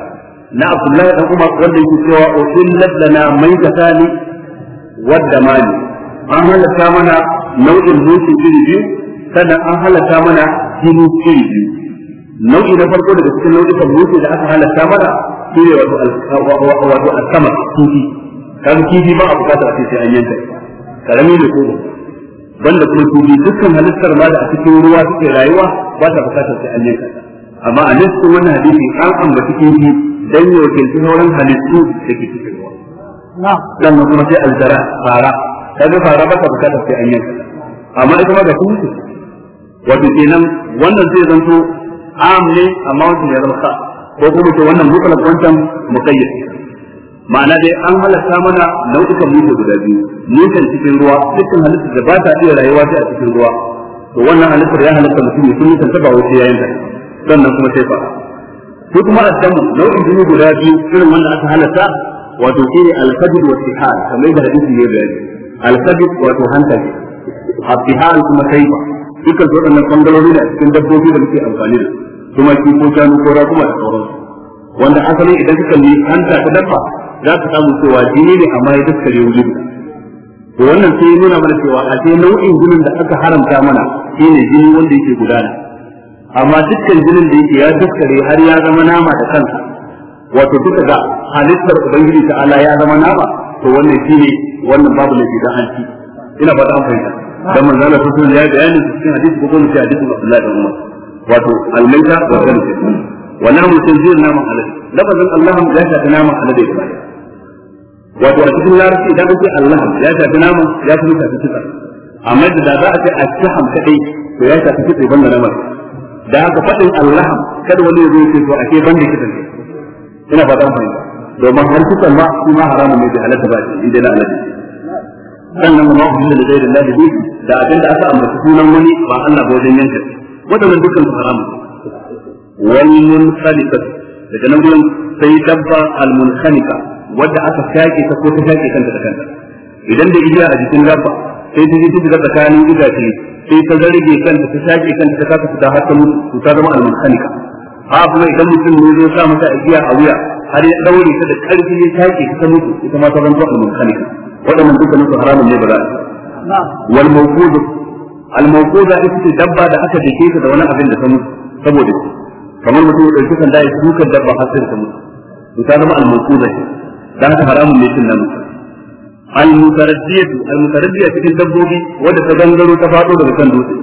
S1: na Abdullahi dan Umar wanda yake cewa o illat lana maitatani wadda mani an halatta mana nau'in dutse iri biyu sannan an halatta mana jini iri biyu nau'i na farko daga cikin nau'ikan mutu da aka halatta mana shi ne wato wato alkama kifi kan kifi ba a bukatar sai sai an yanka karami ne ko banda kuma kifi dukkan halittar ma da a cikin ruwa suke rayuwa ba ta bukatar sai an yanka amma a nesa wannan hadisi an ambaci kifi dan ya wakilci sauran halittu da ke cikin ruwa dan kuma sai aljara fara kaga fara ba ta bukatar sai an yanka amma ita ma da kuma wato kenan wannan zai zanto am ne amma wancan ya zama ko kuma ce wannan mutlaq wancan muqayyad ma'ana dai an halatta mana nau'ikan mutu guda biyu mutan cikin ruwa dukkan halittar da ba ta iya rayuwa sai a cikin ruwa to wannan halittar ya halatta mutum ya sun mutan taba wuce yayin da sannan kuma sai fa ko kuma addamu nau'in jini guda biyu irin wanda aka halatta wato shine al-fajr wa sihar kamar da hadisi ne bayani al-fajr wato hankali al-sihar kuma fa, dukkan waɗannan bangarori ne a cikin dabbobi da muke amfani da su tumaki ko shanu ko rakuma da sauransu wanda asalin idan suka yi hanta ta dabba za ka samu cewa jini ne amma ya daskare wuri to wannan sai ya nuna mana cewa a sai nau'in jinin da aka haramta mana shine jini wanda yake gudana amma dukkan jinin da yake ya daskare har ya zama nama da kansa wato duka ga halittar ubangiji ta Allah ya zama nama to wannan shine wannan babu ke da an ci ina ba ta amfani da manzo Allah sallallahu alaihi wasallam ya bayani cikin hadisi ko kuma cikin hadisin Abdullah da Umar wato almaita wa kanti wannan mutum zai nama halal lafazin Allah ya shafi nama halal da ibada wato a cikin larabci idan an ce Allah ya shafi nama ya kuma shafi kitsa amma da za a ce a shaham kadai to ya shafi kitsa banda nama da haka faɗin Allah kada wani ya zo ya ce to a ce banda kitsa ne ina fata mu domin har kitsa ma shi ma haramun ne da halatta ba shi idan Allah sannan ma ku da da da da abin da aka ambata sunan wani ba Allah ba wajen yanka waɗannan dukkan haram wal munkhaliqa daga nan gurin sai dabba al munkhaliqa wadda aka shaƙe ta ko ta shaƙe kanta da kanta idan da igiya a jikin dabba sai ta ji ta tsakanin gidaje sai ta zarge kanta ta shaƙe kanta ta kasa fita har ta mutu ta zama al munkhaliqa a kuma idan mutum ne zai sa mata igiya a wuya har ya daure ta da karfi ya shaƙe ta mutu ita ma ta zama al munkhaliqa waɗannan dukkan su haramun ne ba za a wal mawqud al-mawquza ita ce dabba da aka dake ta da wani abin da ta mutu saboda shi kamar mutum ya dauki sanda ya tuka dabba har sai ta mutu to ta zama al ce dan ta haramun ne cin namu al-mutaraddiyatu al-mutaraddiya cikin dabbobi wanda ta gangaro ta fado daga kan dutse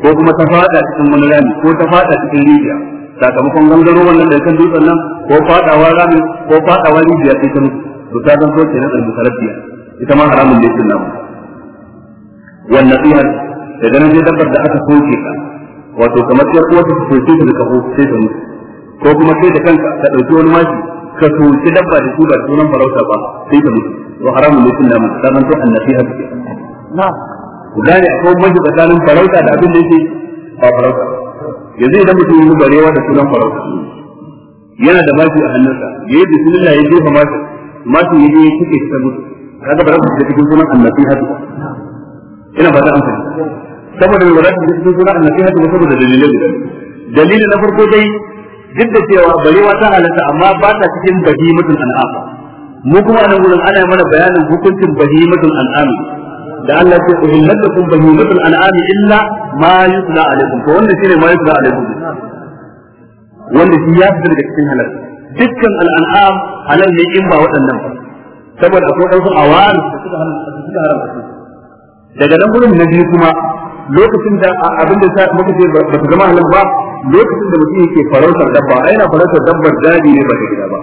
S1: ko kuma ta fada cikin wani rami ko ta fada cikin rijiya sakamakon gangaro wannan da kan dutsen nan ko fadawa rami ko fadawa rijiya sai ta mutu to ta zanto kenan al-mutaraddiya ita ma haramun ne cin namu wannan nasiha da ganin zai dabbar da aka soke ka wato kamar sai kuma ta soke ka ka kafo sai ta mutu ko kuma sai da kanka ka dauki wani mashi ka soke dabba da su ba da sunan farauta ba sai ta mutu wa haramun mutum na mutu sanan to annasiha take na'am ku gane akwai maji tsakanin farauta da abin da yake ba farauta yanzu idan mutum ya barewa da sunan farauta yana da mashi a hannunsa yi bisimila ya jefa mashi mashi ya je kike ta mutu kaga ba za ku cikin sunan annasiha
S3: ina ba za a fahimta
S1: saboda mai wadata da cikin suna annabi hadu saboda dalilai guda dalili na farko dai duk da cewa barewa ta halatta amma ba ta cikin bahi mutum an'am mu kuma nan gurin ana mana bayanin hukuncin bahi mutum an'am da Allah ya ce uhillat bahi mutum an'am illa ma yutla alaikum to wannan shine ma yutla alaikum wanda shi ya fita daga cikin halal dukkan al'an'am halal ne in ba waɗannan ba saboda akwai ɗansu awal da suka haramta daga nan gurin na biyu kuma lokacin da abin da sa muka ce ba su zama halin ba lokacin da mutum yake farautar dabba ai na farautar dabbar daji ne ba ta gida ba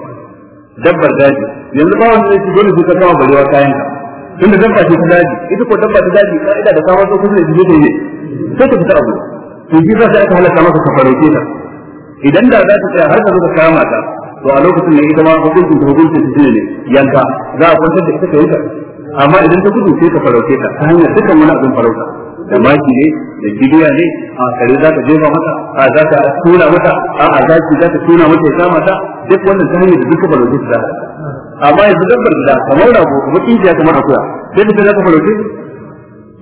S1: dabbar daji yanzu ba wani ne su dole su ka kawo balewa kayan ka tun da dabba ce ta daji ita ko dabba ta daji ida da kawo sai kusa da jiye ne sai ta fita abu to ji za ta aka halaka masa ka farauke ta idan da za ta tsaya har ka zo ka kama ta to a lokacin ne ita ma hukuncin hukuncin ta ne yanka za a kwantar da ita ka yi ta amma idan ta gudu sai ka farauke ta ta hanyar dukkan wani abin farauta da maki ne da gidiya ne a kare za ka jefa mata a za ka tuna mata a a za ki za ka tuna mata ya kama ta duk wannan ta hanyar da duka farautin su zaka amma yanzu dabbar da kamar rago kuma kinjiya kamar akuya sai da za ka farautin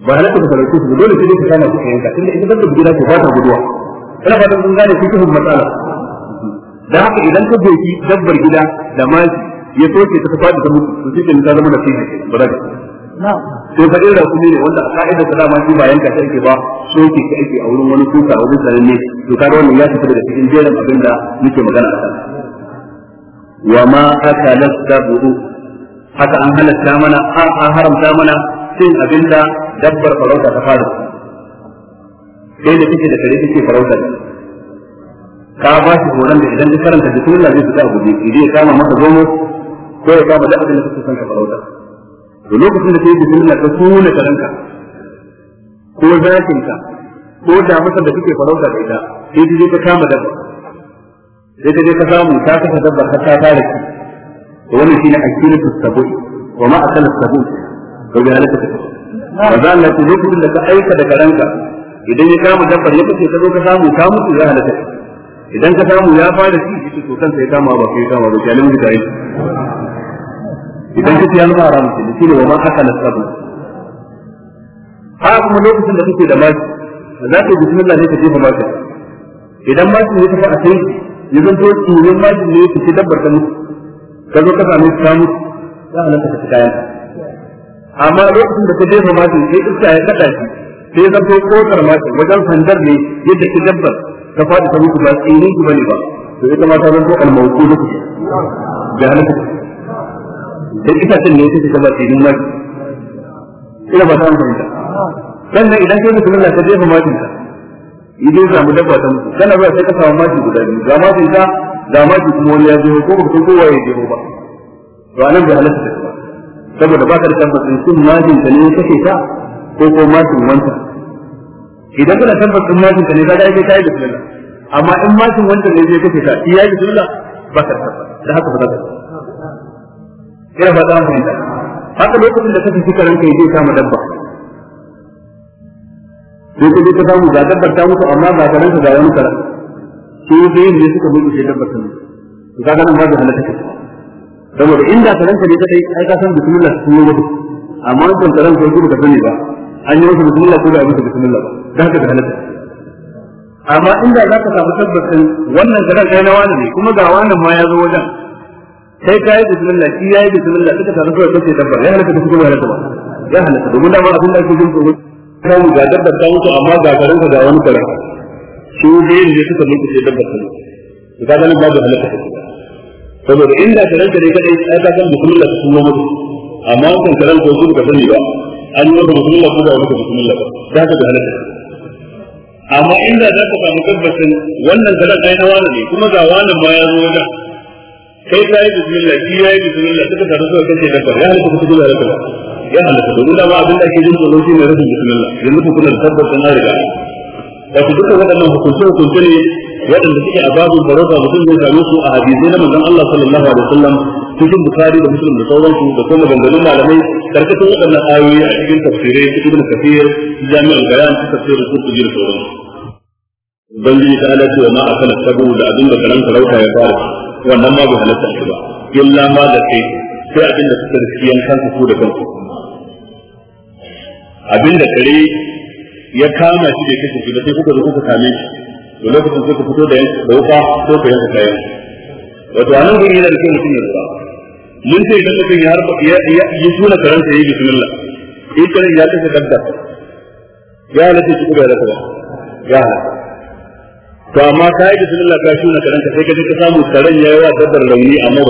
S1: ba halatta ka farautin su dole sai ka kama su ka yanka tunda ita zan gida ce ba ta guduwa ina fatan kun gane cikin matsala da haka idan ka doki dabbar gida da maki ya soke ta fadi ta mutu to sai ta zama fiye ba za ka
S3: sai
S1: fa irin rakumi ne wanda a ka'idar da dama shi ba yanka shi ake ba so ke ka ake a wurin wani kuka wajen sananne to kaga wannan ya tafi daga cikin jerin abin da muke magana a kan
S2: wa ma aka
S1: lasta buru haka an halatta mana an haramta mana cin abin da dabbar farauta ta fara sai da take da kare take farauta ka ba shi horon da idan ka karanta bismillah zai fita a guje idan ya kama maka zomo ko ya kama da abin da kake son ka farauta da lokacin da kai bismillah ka sune karanka ko zakin ka ko da masa da kake farauta da ita sai ta ka kama dabba sai ta je ka samu ta kasa dabba har ta fara ki to wannan shine akilatu sabu'i wa ma akala sabu'i to ga alaka ta ba za Allah ta lokacin da ka aika da karanka idan ya kama dabbar ya kace ka zo ka samu ta mutu ya halaka idan ka samu ya fara ci to kansa ya kama ba kai kama ba kyalin mutane idan kace ya zama haramun da shi ne wa ma aka sabu ha kuma lokacin da kake da maki za ka yi bismillah ne ka jefa da idan maki ya tafi a sai ya zanto tsoron maki ne ya tafi dabbar ta mutu ka zo ka same ta mutu za a nasa ka ci kayan amma lokacin da ka jefa maki sai iska ya kada shi sai zanto kotar maki wajen sandar ne yadda ki dabbar ta faɗi ta mutu ba tsirin ki bane ba to ita ma ta zanto almawqu da ku ga halaka duk itacen ne yake kamar tilin maki ina ba ta fahimta sannan idan kai mutum na ka jefa matin ka idan samu dafa ta mutu kana zuwa sai ka samu matin guda biyu ga matin ka ga matin kuma wani ya jefa ko ba ko kowa ya jefa ba to anan da halatta ta ba saboda ba ka da tabbacin sun matin ta ne ya kashe ka ko ko matin wanta idan kana tabbacin matin ta ne ka ga ai kai da sunna amma in matin wanta ne zai kashe ka iya da sunna ba ka tabbata da haka ba za ka sai ba za hankali. yi haka lokacin da kake cikin ranka yake kama dabba sai ka ka samu ga dabbar ta mutu amma ga garan ka ga wani kara sai yake yin ne suka mutu sai dabbar ta mutu to kaga nan babu halaka kake saboda inda karan ka ne kadai ai ka san bismillah su yi mutu amma wannan karan ka yake ka sani ba an yi masa bismillah ko ba a yi masa bismillah ba dan ka halaka amma inda za ka samu tabbacin wannan garan kai na wani ne kuma ga wannan ma ya zo wajen kai yi bismillah shi yayi bismillah suka tafi kawai kace dabbar ya halaka kuma ya halaka ya halaka domin da abin da ake jin tsoro kan ga dabbar ta wuce amma ga garin ka ga wani kare shi dai ne suka mutu sai dabbar ta mutu ga ganin babu halaka ta saboda inda karen ka ne kadai ai ka san bismillah ta kuma mutu amma kan karen ko su ka sani ba an yi bismillah ko ba wuce bismillah ba ta ka ga halaka amma inda za ka samu tabbacin wannan karen ai na wani ne kuma ga wani ma ya zo wajen kai ka yi bismillah shi ya yi bismillah suka taru suka kace da ya halitta kuka gudu halitta ya halitta domin dama abin da ake jin tsoro shi ne rashin bismillah yanzu ku kuna tabbata na riga da ku duka waɗannan hukunce hukunce ne waɗanda suke a babu barasa mutum zai same su a hadisai na manzon Allah sallallahu alaihi wasallam cikin bukari da muslim da sauransu da kuma maganganun malamai karkashin waɗannan ayoyi a cikin tafsirai cikin ibn kafir jami'ul bayan su tafsir al-qurtubi da sauransu ubangiji ta ala ce wa ma akala sabu da abin da kalan farauta ya fara wannan ma bai halatta shi ba illa ma da kai sai abin da suka riski yankan su da kansu abin da kare ya kama shi da kashe shi ba sai kuka zo kuka same shi to lokacin sai ku fito da da wuka ko ka yanka kayan wato anan gurin yana da kyau mutum ya lura mun ce idan mutum ya harba ya yi tuna karanta ya yi bismillah in kare ya kashe kanta ya halatta shi da bai halatta ba ya halatta to amma ka yi bismillah ka shuna karan ka sai ka je ka samu karan yayi wa dabbar rauni amma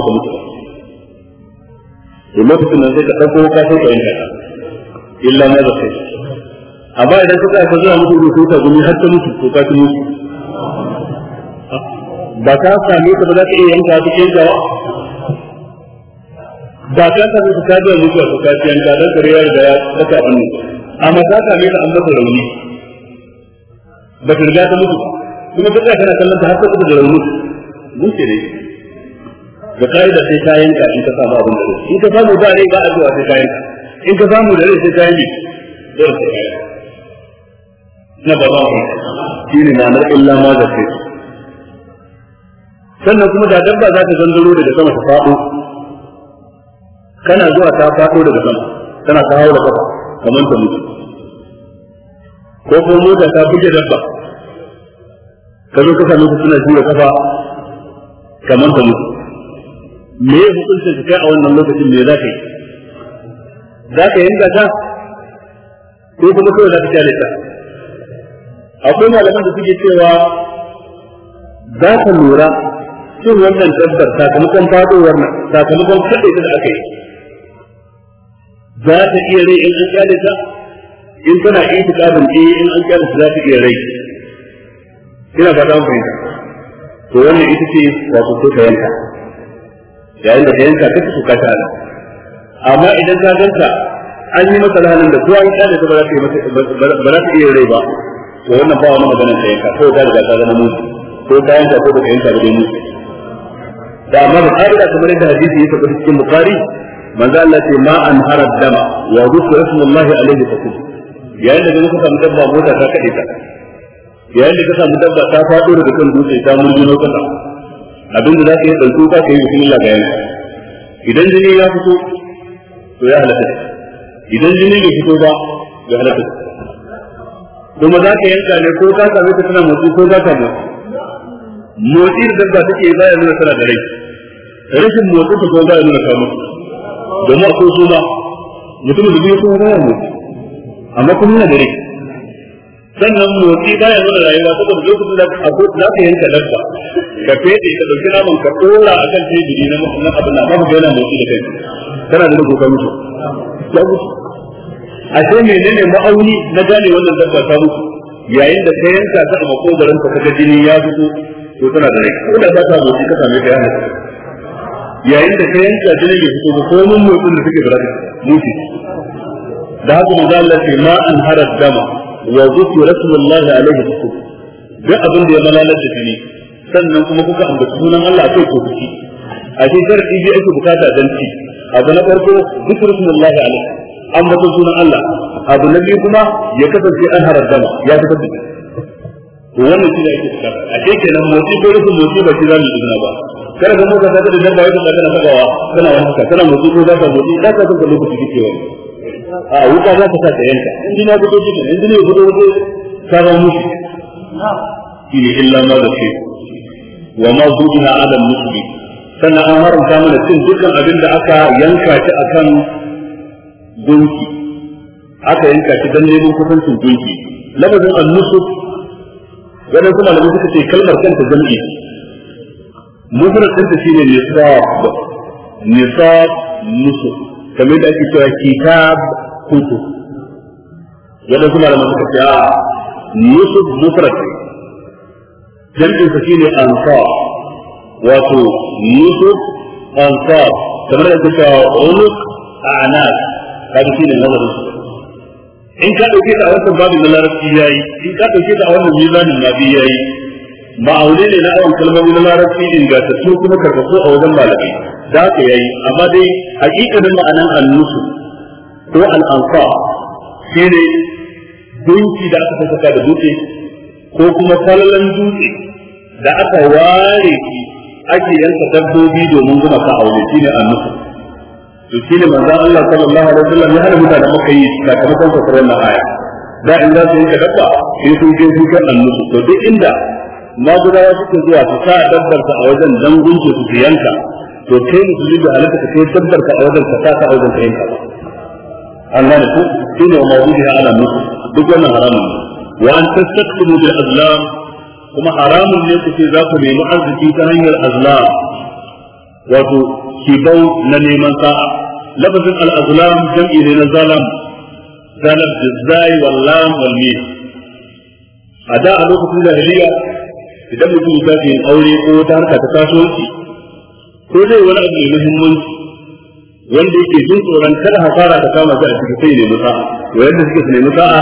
S1: ba ka mutu to lokacin da sai ka dauko ka sai ka ka illa ma zakai amma idan ka ka zuwa mutu ko ka gumi har ta mutu to ka ci mutu ah, ba ka sami ka ba za ka iya yanka ta yankawa ba ka sami ka ka zuwa mutu ko ka ci yanka dan ka riya da ya ta abin amma ka same ka an masa rauni ba ka riga ta mutu ba kuma duk kana kallon ta har ta kuka garin mutu ce ne ga kaida sai ta yanka in ka samu abin da in ka samu da rai ba a zuwa sai ta yanka in ka samu da rai sai ta yanka dole sai ta yanka na ba ba shi ne na illa ma da sai sannan kuma da dabba za ta zandaro daga sama ta faɗo kana zuwa ta faɗo daga sama tana ta haura kafa kamar ta mutu ko kuma mota ta buge dabba ka zo ka same suna jiya kafa kamar ta mutu me ya hukunta ka kai a wannan lokacin me za ka yi za ka yanka ta ko kuma kawai za ka kyale ta akwai malaman da suke cewa za ka lura cin wannan tabbar sakamakon faɗowar nan sakamakon kaɗai da aka yi za ta iya rai in an kyale ta in tana iya tukabin eh in an kyale ta za ta iya rai ina ba za mu fahimta to wannan ita ce wato ko ta yanka yayin da ta yanka ta suka ta ala amma idan ta ganta an yi masa halin da kuwa ita da ba za ta yi masa ba za ta iya rai ba to wannan ba wani maganar ta yanka ko ta riga ta zama mutu ko ta yanka ko ba ta yanka ba dai mutu da amma da ka'ida kamar yadda hadisi ya tabbata cikin bukhari manzo Allah ce ma an harad dama wa rusul rasulullahi alaihi wasallam yayin da muka samu dabba mota ta kade ta yayin da ka samu dabba ta faɗo daga kan dutse ta murjino kasa abinda za ka yi ɗauko ka ka yi Allah ga yanka idan jini ya fito to ya halaka idan jini bai fito ba ya halatta kuma za ka yanka ne ko ka samu ta tana motsi ko za ka motsi motsi da dabba take ba ya nuna tana da rai rashin motsi ta ko ba ya nuna kamar domin su ba mutum da biyu kuma ba ya motsi amma kuma yana da rai sannan motsi baya nuna rayuwa kuma lokacin da akwai za ka yanka dabba ka fede ka dauki naman ka dora a kan tebiri na mutum abu na ba ga yana motsi da kai kana da dukkan mutum ya mutu a sai menene ma'auni na gane wannan dabba ta mutu yayin da ka yanka ta a makogarin ka ka jini ya fito to tana da rai ko da ba ta motsi ka same ta yana yayin da ka yanka jini ya fito ko mun motsin da suke da rai mutu da haka mu zalla ce ma an harar dama wa zuku rasulullahi alaihi wasallam duk abin da ya malalar da ne sannan kuma kuka ambaci sunan Allah sai ko kuki a ce sharadi bi ake bukata dan ci abu na farko zuku rasulullahi alaihi ambaci sunan Allah abu na biyu kuma ya kasance an harar ya kasance da wannan shi ne ake bukata a ce kenan motsi ko rufin motsi ba shi zamu yi ba kada ka motsa ta da dabba yadda kana sabawa kana wani ka kana motsi ko za ka motsi za ka san lokaci kike wani a wuka za ka sa ta yanka in jini ya fito cikin in jini ya fito wato ka ba musu shi ne illa ma da ce wa ma zubina ala musulmi sannan an haramta mana cin dukkan abin da aka yanka shi akan gunki aka yanka shi dan neman kusancin gunki lafazin annusuk wannan kuma da suka ce kalmar kanta jam'i mufrad ɗinta shine nisab nisab nusuk kamar da ake cewa kitab kutub yadda kuma da suka ce ah, yusuf nusub mufrad jam'in sa shine ansar wato yusuf ansar kamar da suka uluk anas shi ne nazarin su in ka dauke ta a wannan babin na larabci yayi in ka dauke ta a wannan mizanin nabi yayi ma'auni ne na awon kalmomi na larabci ingantattu kuma karfafu a wajen malamai da haka yayi amma dai hakikanin ma'anan annusu ko shi ne dunki da aka saka da dutse ko kuma salalan dutse da aka ware shi ake yanka dabbobi domin guma ka aure shi ne annusu to shi ne manzo Allah sallallahu alaihi wasallam ya hana mutane maka yi da sakamakon safarin na aya da in za su yi ka dabba sai sun je su kan annusu to duk inda magudawa suke zuwa su sa dabbarka a wajen dan gunce su su yanka to kai musulmi da halatta ka kai dabbar a wajen ka sa ka a wajen ka yanka Allah ne ku shine wa mawdu'iha ala nusu duk wannan haramun ne wa an tastaqdimu bil azlam kuma haramun ne ku ce za ku nemi arziki ta hanyar azlam wato kibau na neman sa'a lafazin al-azlam jam'i ne na zalam zalam bizai wal lam wal mim a da a lokacin jahiliya idan mutum ya tafi yin aure ko wata harka ta kasuwanci ko zai wani abu mai muhimmanci wanda yake jin tsoron kada hasara ta kama shi a cikin sai ne musa to yadda suke su nemi sa'a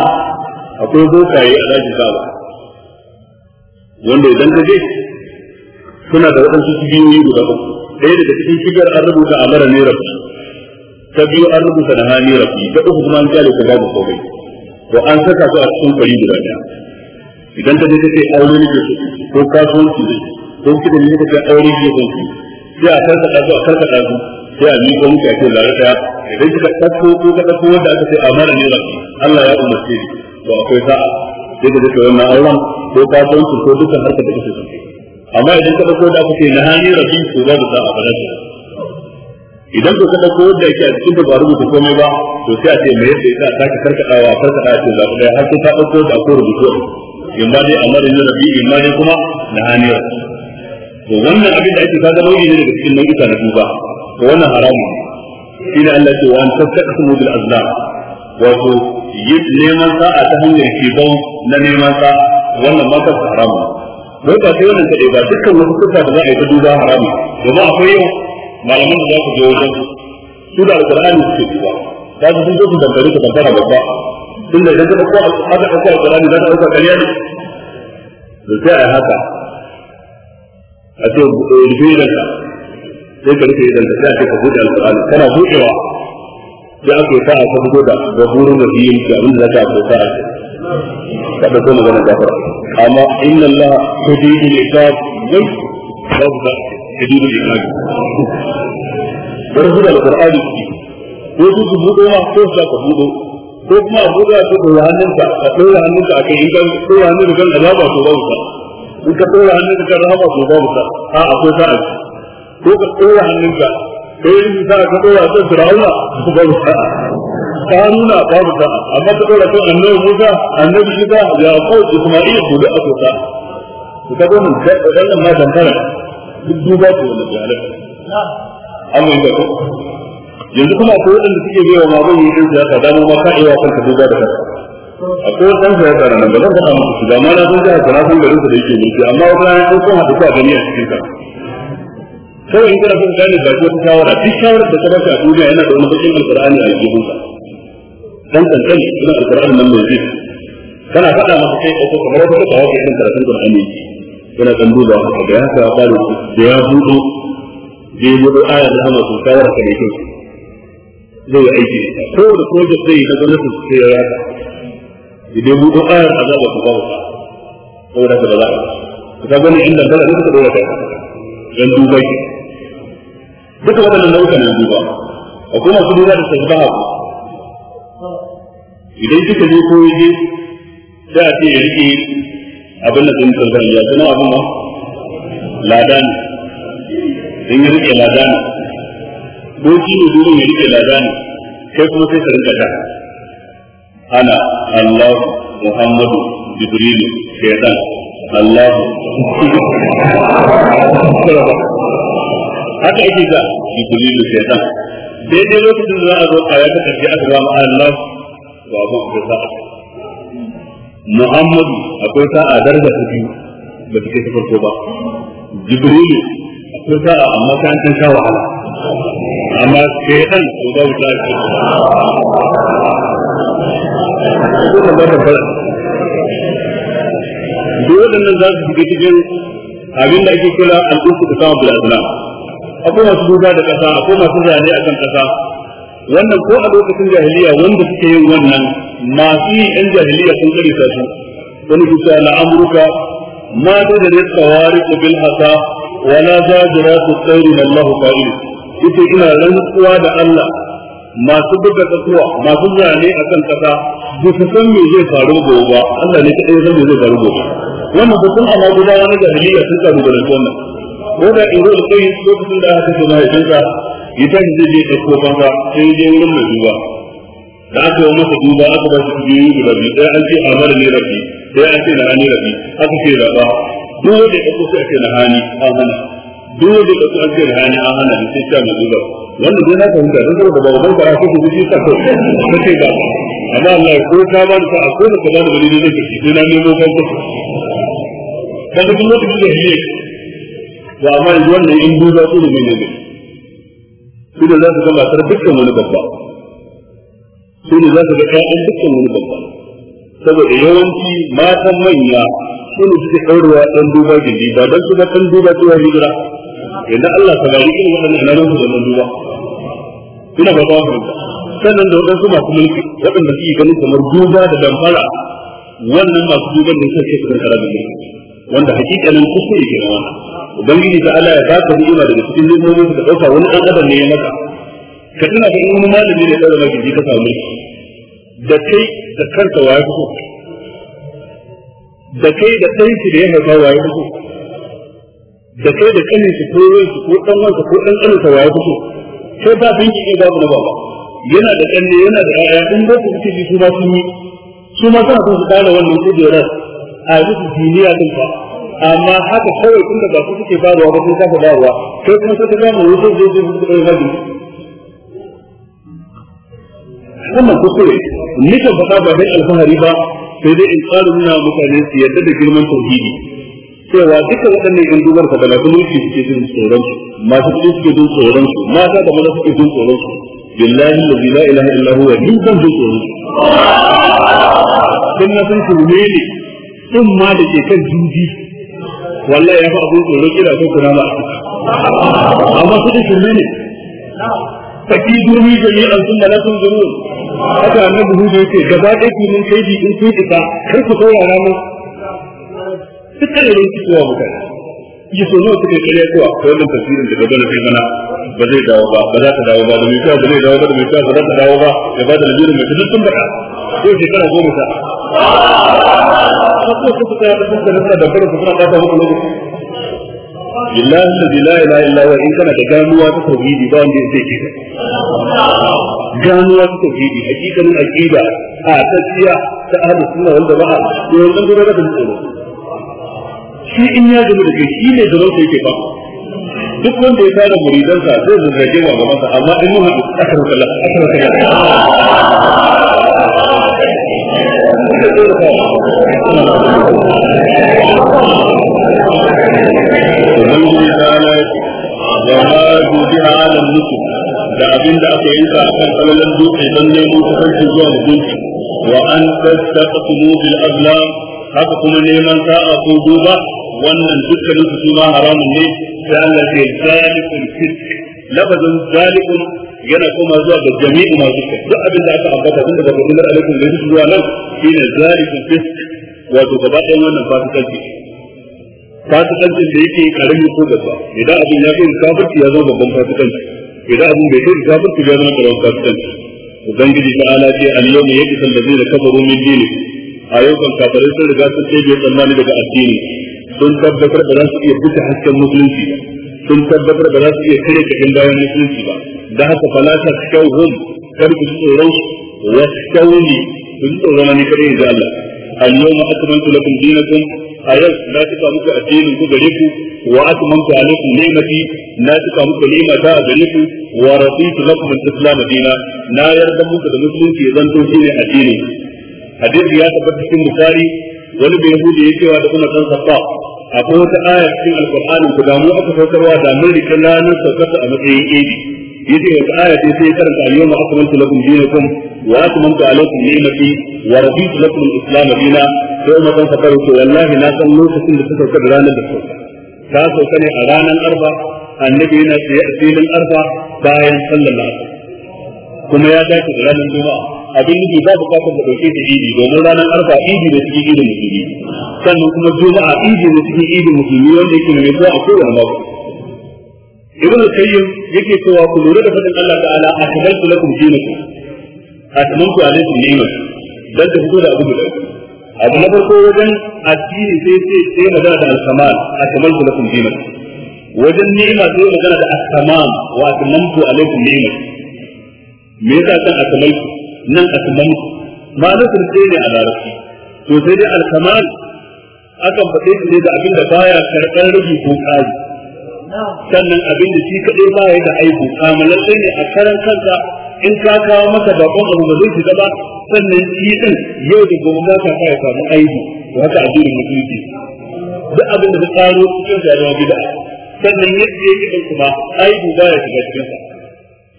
S1: akwai bokaye a daji sa'a wanda idan ka je suna da waɗansu cibiyoyi guda ba. ɗaya daga cikin cibiyar an rubuta a mara ne rafi ta biyu an rubuta da hani rafi ta uku kuma an kyale ka babu komai to an saka su a cikin kwari guda ɗaya idan ta je ta ce aure ne ke so ko kasuwanci don ko kida ne ka aure ne ko ki sai a karka kasu a karka kasu sai a miƙo muku a ce larata idan kika kasko ko ka kasko wanda aka ce amara ne ba Allah ya umarce ni to akwai sa'a sai da dace wannan auren ko kasuwanci ko dukkan harkar da kake son amma idan ka ko da aka ce na hani rafi ko ba da sa'a ba za idan ka kada ko da yake a cikin da baro rubuta komai ba to sai a ce me yasa yasa sake karkadawa karkadawa ce da ku dai har sai ta dauko da ko rubutu in dai amma da yin rabi in ma dai kuma na haniyar to wannan abin da ake kaga nau'i ne daga cikin nau'ika na duba to wannan haramun shi ne Allah ce wa an tattaqsu bil azlam wato yi neman sa'a ta hanyar kibau na neman sa wannan ma kansa haramun don ba sai wannan kadai ba dukkan wasu kuka da za a yi ta duba haramun domin akwai yau malaman da za su je wajen su da alƙur'ani suke duba ta su sun zo su dangare ka dangara babba tunda idan ka dauko aka dauko alqur'ani za ka dauka ƙarya ne to sai a haka a ce rufe idan ka sai ka rufe idan ka sai a ce ka buɗe alqur'ani kana buɗewa Ya aka sa a fito da gaburin da biyu da abin da za ka fito sa ka dauko magana gafara amma inna allaha shadidul iqab wai babu da shadidul iqab bar su da alqur'ani ko su buɗo ma ko su ka buɗo ko kuma a buga su da hannunka a ɗora hannunka a kai in kan ɗora hannunka kan azaba to babu sa in ka ɗora hannunka kan rahama to babu sa a akwai sa'a a ko ka ɗora hannunka ko yin sa ka ɗora kan fir'auna to babu sa ta nuna babu sa amma ka ɗora kan annabi Musa annabi Isa ya ko Isma'il to da akwai sa ku ka gani wannan ma dantara duk duba ko wannan ya halaka amma inda ko yanzu kuma akwai waɗanda suke bai wa mamun yi ɗin siyasa dama ma ka iya kanka duba da kanka akwai wani ɗan siyasa nan ba zan faɗa muku su dama na san jihar sana sun garin su da yake nufi amma wata rana an kuma haɗu ka gani a cikin ka kawai in kana son gane ba ko ta shawara duk shawarar da ka ba a duniya yana da wani bakin alƙur'ani a jihunsa dan kankan suna alƙur'ani nan mai zai kana faɗa masa kai ko kamar wata ta wace irin karatun Qur'ani kana kan duba da ya ka ba da ya buɗo zai buɗo ayar da hama sun shawara ka ne kai zai aiki da ita ko da project zai yi na gwamnati su sai ya yaka idan mu don ayar azaba ku bawa ko ka ba za a ka gani inda dala ne suka dora ta dan duba ki duka wadannan nauka ne duba kuma su duba da tasbaha idan kika je ko yaje da a ce ya abin da kuma tsarkar ya kuma abin ma ladan in yi riki ladan Ko doki ne dole ya rike lada ne sai kuma sai ka rinka da ana Allah Muhammadu Jibril shaytan Allah haka ake ga Jibril shaytan daidai lokacin da za a zo a ya ta karshe aka zama Allah to abu ko sa'a Muhammadu akwai sa'a daraja ta biyu ba ta kai ta farko ba Jibril akwai sa'a amma ta an sha wahala amma shaitan to ba wuta ce duk waɗannan za su shiga cikin abinda ake kula al'uku da sama bulaslam akwai masu duba da ƙasa akwai masu zane a kan ƙasa wannan ko a lokacin jahiliya wanda suke yin wannan masu yi ɗan jahiliya sun kare su wani kusa na Amurka, da da ne tsawari ko bil hasa wala za jira su tsairin Allah fa'ilu yace ina rantsuwa da Allah masu duka tsakuwa masu zane kan kasa ba su san me zai faru gobe ba Allah ne kadai zai me zai faru gobe wannan ba sun ala guda wani jahiliya sun ka rubuta wannan ko da in ruwa kai lokacin da aka ce mai dinka ita ne zai je da ko banza sai je wurin mai duba da aka yi masa duba aka ba su biyu da rabi sai an ce amar ne rabi sai an ce na hani rabi aka ce raba dole da ko sai ake na hani amana dole da su ake rani an hana da sai ta mai zuba wanda dai na fahimta don saboda ba wani fara ko kuma shi ta ko ta ce ba amma Allah ko ta ba ta a ko ta ba da wani ne ke sai na nemo kan ku ka ga duk lokacin da yake to amma wannan in duba su ne ne ne su da za su ga matar dukkan wani babba su ne za su ga ƴaƴan dukkan wani babba saboda yawanci matan manya su ne suke ɗaurewa ɗan duba gindi ba don su ga ɗan duba cewa hijira yanda Allah ta gari irin waɗannan ina su da nan duba ina ba ba ku sannan da waɗansu masu mulki waɗanda suke ganin kamar duba da damfara wannan masu duban da suke cikin karamin mulki wanda hakikanin kuskure ke nan ubangiji ta Allah ya ba ka ni'ima daga cikin ni'imomin da dauka wani ɗan adam ne ya maka ka tuna ga wani malami ne da maka ji ka samu da kai da kanka waye kuku. da kai da ɗanki da ya haifa waye kuku. da kai da kanin su ko ruwan su ko dan wansa ko dan kanin sa waye kuke ko ba bin ki babu na baba yana da kanne yana da ayya in ba ku kike ji su ba sun yi su ma suna su da wannan ran a duk duniya din ka. amma haka kawai tun da ku kike ba bayarwa ba sun kafa ruwa sai kuma sai ka ga mu wuce zai je ku kai hadi wannan kuskure ni faɗa ba dai alfahari ba sai dai in tsara nuna mutane su yadda da girman tauhidi cewa duka waɗannan yan dubar ka daga talauci suke jin tsoron su masu kuɗi suke jin tsoron su mata da maza suke jin tsoron su billahi allazi la ilaha illa huwa din kan jin tsoron su dan na san ku ne ne din ma da ke kan jinji wallahi ya fa abun tsoro kira ko kuna ma amma kuɗi shirme ne faki durmi jami'an sunna la tunzurun haka annabi hudu yake gaba ɗaya ku kai bi in kun isa kar ku saurara mu duk da su kowa mutane yi so nawa suka yi kare kowa ta wannan tafsirin daga dole sai mana ba zai dawo ba ba za ta dawo ba da mai kyau ba zai dawo ba da mai kyau ba za ta dawo ba da ba da lalurin mai duk sun baka ko shekara goma ta ko su suka yi da suka da kare su suna kasa muku lokaci billahi alladhi la ilaha illa huwa in kana da ganuwa ta tauhidi ba wanda yake kika ganuwa ta tauhidi hakikanin aqida a tafiya ta ahlus sunna wal jamaa to yanzu gobe da tsoro shi in ya gamu da kai shi ne da rauta yake ba duk wanda ya tara muridansa zai zazzage wa ga masa amma in mun haɗu akar kallon akar da abin da aka yanka a kan kalalan dutse don nemo kusanci zuwa mutunci wa an tattaka bil azlam haka kuma neman sa'a ko duba wannan dukkanin su ma haramun ne sai Allah ya zalikun fisk lafazin zalikun yana koma zuwa ga jami'u masu fisk duk abin da aka ambata tun daga fadilar alaikum da yusuf zuwa nan shine zalikun fisk wato gaba ɗayan wannan fasikanci fasikancin da yake karami ko gaba idan abin ya kai kafirci ya zama babban fasikanci idan abin bai kai kafirci ya zama karamin fasikanci ubangiji ta ala ce al-yawma yaqtul ladina kafaru min dinihim a yau kan kafirai sun riga sun sai bai tsammani daga addini sun tabbatar da za su iya buta hasken musulunci ba sun tabbatar da za su iya kare kaɗan bayan musulunci ba da haka falata kyau hum kar ku ji tsoron wa kyauni ku ji tsoron wani kaɗai in Allah al-yawma akmaltu lakum dinakum a yau na cika muku addinin ku gare ku wa atmamtu alaykum ni'mati na cika muku ni'ima ta gare ku wa raditu lakum al-islam dina na yarda muku da musulunci zan to shine addini hadisi ya tabbata cikin bukhari wani bai hude ya cewa da kuma dan safa akwai wata aya cikin alqur'ani ku damu aka saukarwa da mun rikin ranar saukarta a matsayin ebi yace wata aya ce sai karanta ayyuma akmaltu lakum dinakum wa atmamtu alaykum ni'mati wa raditu lakum al-islam dina sai ma dan safa yace wallahi na san lokacin da suka da ranar da sauka ta sauka ne a ranar arba annabi yana tsaye a filin arba bayan sallar kuma ya dace da ranar juma'a abin nufi ba bukatar da ɗauke da idi domin ranar arfa idi da cikin idin musulmi sannan kuma juma'a idi da cikin idin musulmi wanda yake mai zuwa a kowane mako ibn al-qayyim yake cewa ku lura da fadin Allah ta'ala akmaltu lakum dinakum atmamtu alaykum nima, dan ta fito da abu da abu na farko wajen addini sai sai sai magana da al-kamal akmaltu lakum dinakum wajen ni'ma sai magana da al-tamam wa atmamtu alaykum ni'mati me yasa kan akamalku nan akamalku ma na surce ne a larabci to sai dai alkamal akan faɗe shi ne da abin da baya karɓar rubi ko kai sannan abin da shi kaɗai baya da aiki kamalar ne a karan kanka in ka kawo maka bakon abu ba zai shiga ba sannan shi din yau da gobe za ka fara samu aiki to haka addinin musulunci duk abin da ka karo cikin da ya sannan yadda yake din kuma aiki ba ya shiga cikin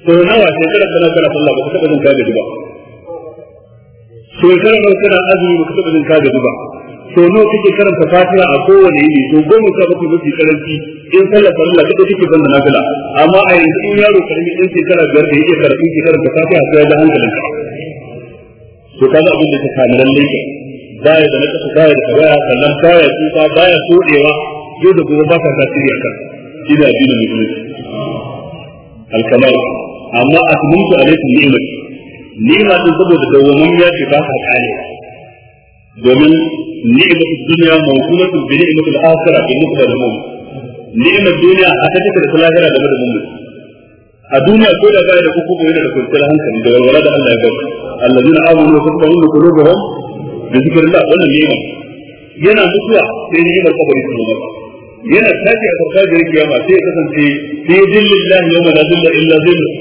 S1: to nawa shekarar kana kana sallah ba ka taɓa jin kaga ba shekarar nawa kana azumi baka ka taɓa jin kaga ba to nawa kake karanta fatira a kowane yini to goma sha bakwai mafi karanci in sallar farilla kada kake banda nafila amma a yanzu in yaro karami in shekara biyar da yake karatu ke karanta fatiha sai ya ga hankalinka to kaga abin da ka kama laifin, baya da na nakasa baya da kawaya sannan baya tsufa baya sodewa yau da gobe ba ka tasiri a kan ina addinin musulunci alkamar amma atmamtu alaikum ni'mati ni'ma din saboda dawwamammiya ce ba ta kare domin duniya ni'matu kuma mawsulatu bi ni'mati al-akhirah bi muqdar al-mu'min ni'mat duniya a ta take da lahira da madadin mu'min a duniya ko da baya da kuku yana da kwanciyar hankali da walwala da Allah ya ba allazina amanu wa tatma'innu qulubuhum bi dhikrillah wannan ni'ma yana mutuwa sai ni'mar kabari ta zo yana tashi a farkar da kiyama sai ya kasance sai dillahi yawma la dilla illa zilluh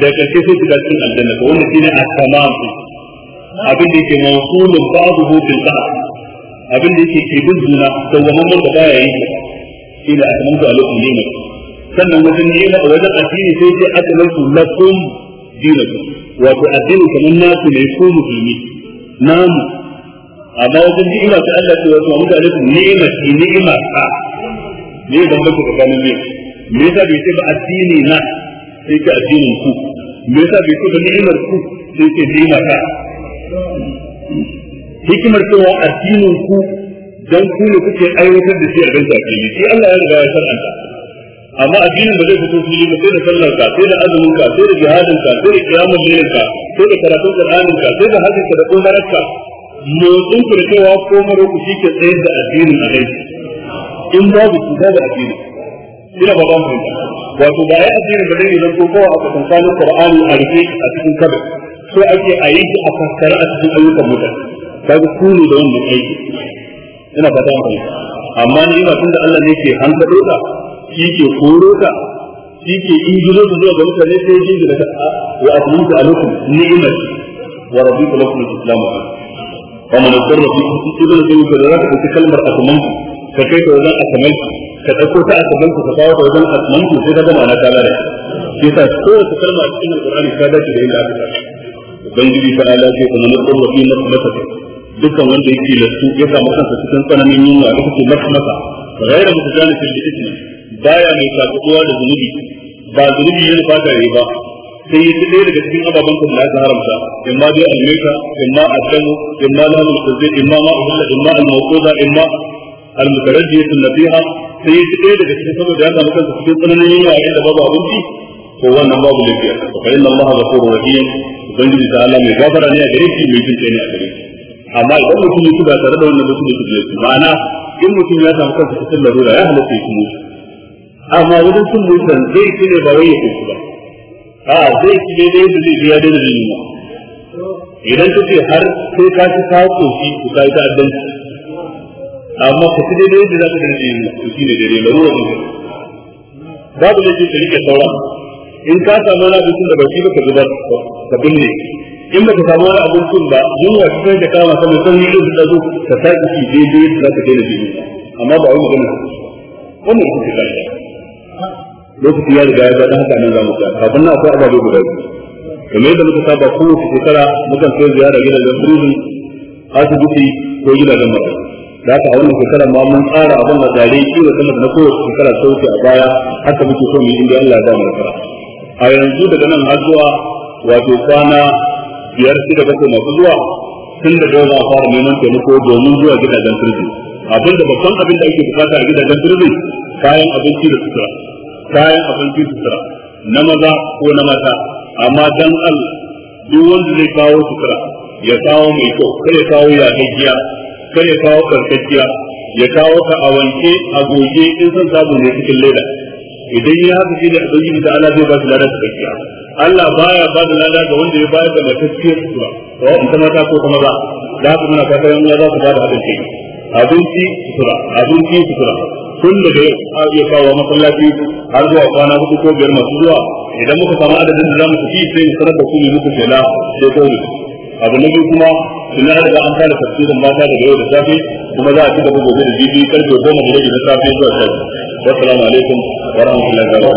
S1: da karshe sai su cikin aljanna ko wanda shine at-tamam abin da yake mawsulun ba'dahu bil ba'd abin da yake ke bin juna dawwaman da baya yi shi da atamantu alaikum dinu sannan wajen ni'ima wajen addini sai ce atamantu lakum dinakum wato addini kamar nasu ne ko musulmi namu amma wajen ni'ima ta Allah ce wato mutu alaikum ni'ima ni'ima ta ne ban mutu tsakanin ne me bai ce ba addini na sai ka addinin ku me yasa bai ce da ni'imar ku sai ce ni'ima ta hikimar cewa addinin ku dan ku ne kuke aiwatar da shi a ganta fili shi Allah ya riga ya shar'anta amma addinin ba zai fito fili ba sai da sallar ka sai da azumin ka sai da jihadin ka sai da kiyamul lailin ka sai da karatun qur'anin ka sai da hajjin ka da umrar ka motsin ku da cewa ko maro ku shi ke tsayar da addinin a kai in babu ku babu addinin ina ba ban fahimta wato ba ya asiri ba zai zanto kowa a kasantanin qur'ani a rike a cikin kabar so ake a yi shi a kaskara a cikin ayyukan mutane kaga ku ne da wannan aiki ina fata a fahimta amma ni ba tunda Allah ne ke hankalo ka shi ke koro ka shi ke injiro da zuwa ga mutane sai shi da wa aslimu alaikum ni'mati wa rabbiku lakum al-islam wa ومن اضطر في سبيل ذلك فلا تقل كلمة أتممت فكيف إذا أتممت ka ɗauko ta asalanku ka kawo ta wajen asalanku sai ta gama na ta lalace shi yasa kowace kalma a cikin alƙur'ani ta dace da yadda aka sa ubangiji ta ala ce kuma na ƙurwa fi masa dukkan wanda yake lasu ya samu kansa cikin tsananin yunwa da kuke masa masa gaira mutu jani fil ismi baya mai takuwa da zunubi ba zunubi yana fata yayi ba sai yi ɗaya daga cikin ababen kuma ya haramta in ma dai almeka in ma addamu in ma lahul kuzzi in ma ma'ulla in ma almawquda in ma al-mutarajjiyatu nabiha sai ya ɗaya daga cikin saboda ya samu kansa cikin tsananin yunwa yayin da babu abinci to wannan babu lafiya fa inna allaha ghafurur rahim ubangiji ta Allah mai gafara ne a gare shi mai jin ne a amma idan mutum ya ba tare da wannan mutum da kuje ma'ana in mutum ya samu kansa cikin larura ya halatta ya kuma amma wajen sun mutum zai ci ne ba wai ya kuma ba a ne da yadda zai da zai nuna
S3: idan ka ce har sai ka
S1: ci ka koshi ku ka yi ta'addanci amma ku sai da yadda za ka gane ku shine daidai larura ne babu da ke rike sauran in ka samu wani abincin da baki ba ka zubar ka binne in ba ka samu wani abincin ba yunwa ta sai da kama ka sun yi da ta zo ka sake shi daidai yadda za ka daina jini amma ba wai magana wannan ita ce kanta lokaci ya riga ya ga dan haka nan za mu ta kafin na akwai ababe guda biyu kamar yadda muka saba kowace shekara mukan kai ziyara gidajen prison asibiti ko gidajen mata da haka a wannan shekarar ma mun tsara abin da tare kiwo sama na kowace shekara ta wuce a baya haka muke so mu yi inda Allah ya da mu a yanzu daga nan har zuwa wato kwana biyar da bakwai masu zuwa tun da dole za a fara neman taimako domin zuwa gidajen turbi da babban abin da ake bukata a gidajen turbi kayan abinci da sutura kayan abinci da sutura na maza ko na mata amma dan Allah duk wanda zai kawo sutura ya kawo mai kyau kai ya kawo ya gajiya kar ya kawo karkaciya, ya kawo ka a wanke a goge in san samu ne cikin leda idan ya haka shi ne a ɗauki da Allah zai ba su lada karkaciya. Allah baya ba da lada ga wanda ya bayar da matakkiyar sura wa in ta mata ko kuma ba da haka muna fata yan za su ba da haɗin kai abinci sutura abinci sutura tun da dai a iya kawo masallaci har zuwa kwana hudu ko biyar masu zuwa idan muka samu adadin da za mu ci sai mu sanar da ku ne muku shela sai kawai abu na biyu kuma ina da an fara tafsirin mata da yau da safe kuma za a ci gaba gobe da jibi karfe goma da rabi na safe zuwa safe wassalamu alaikum wa rahmatullahi wa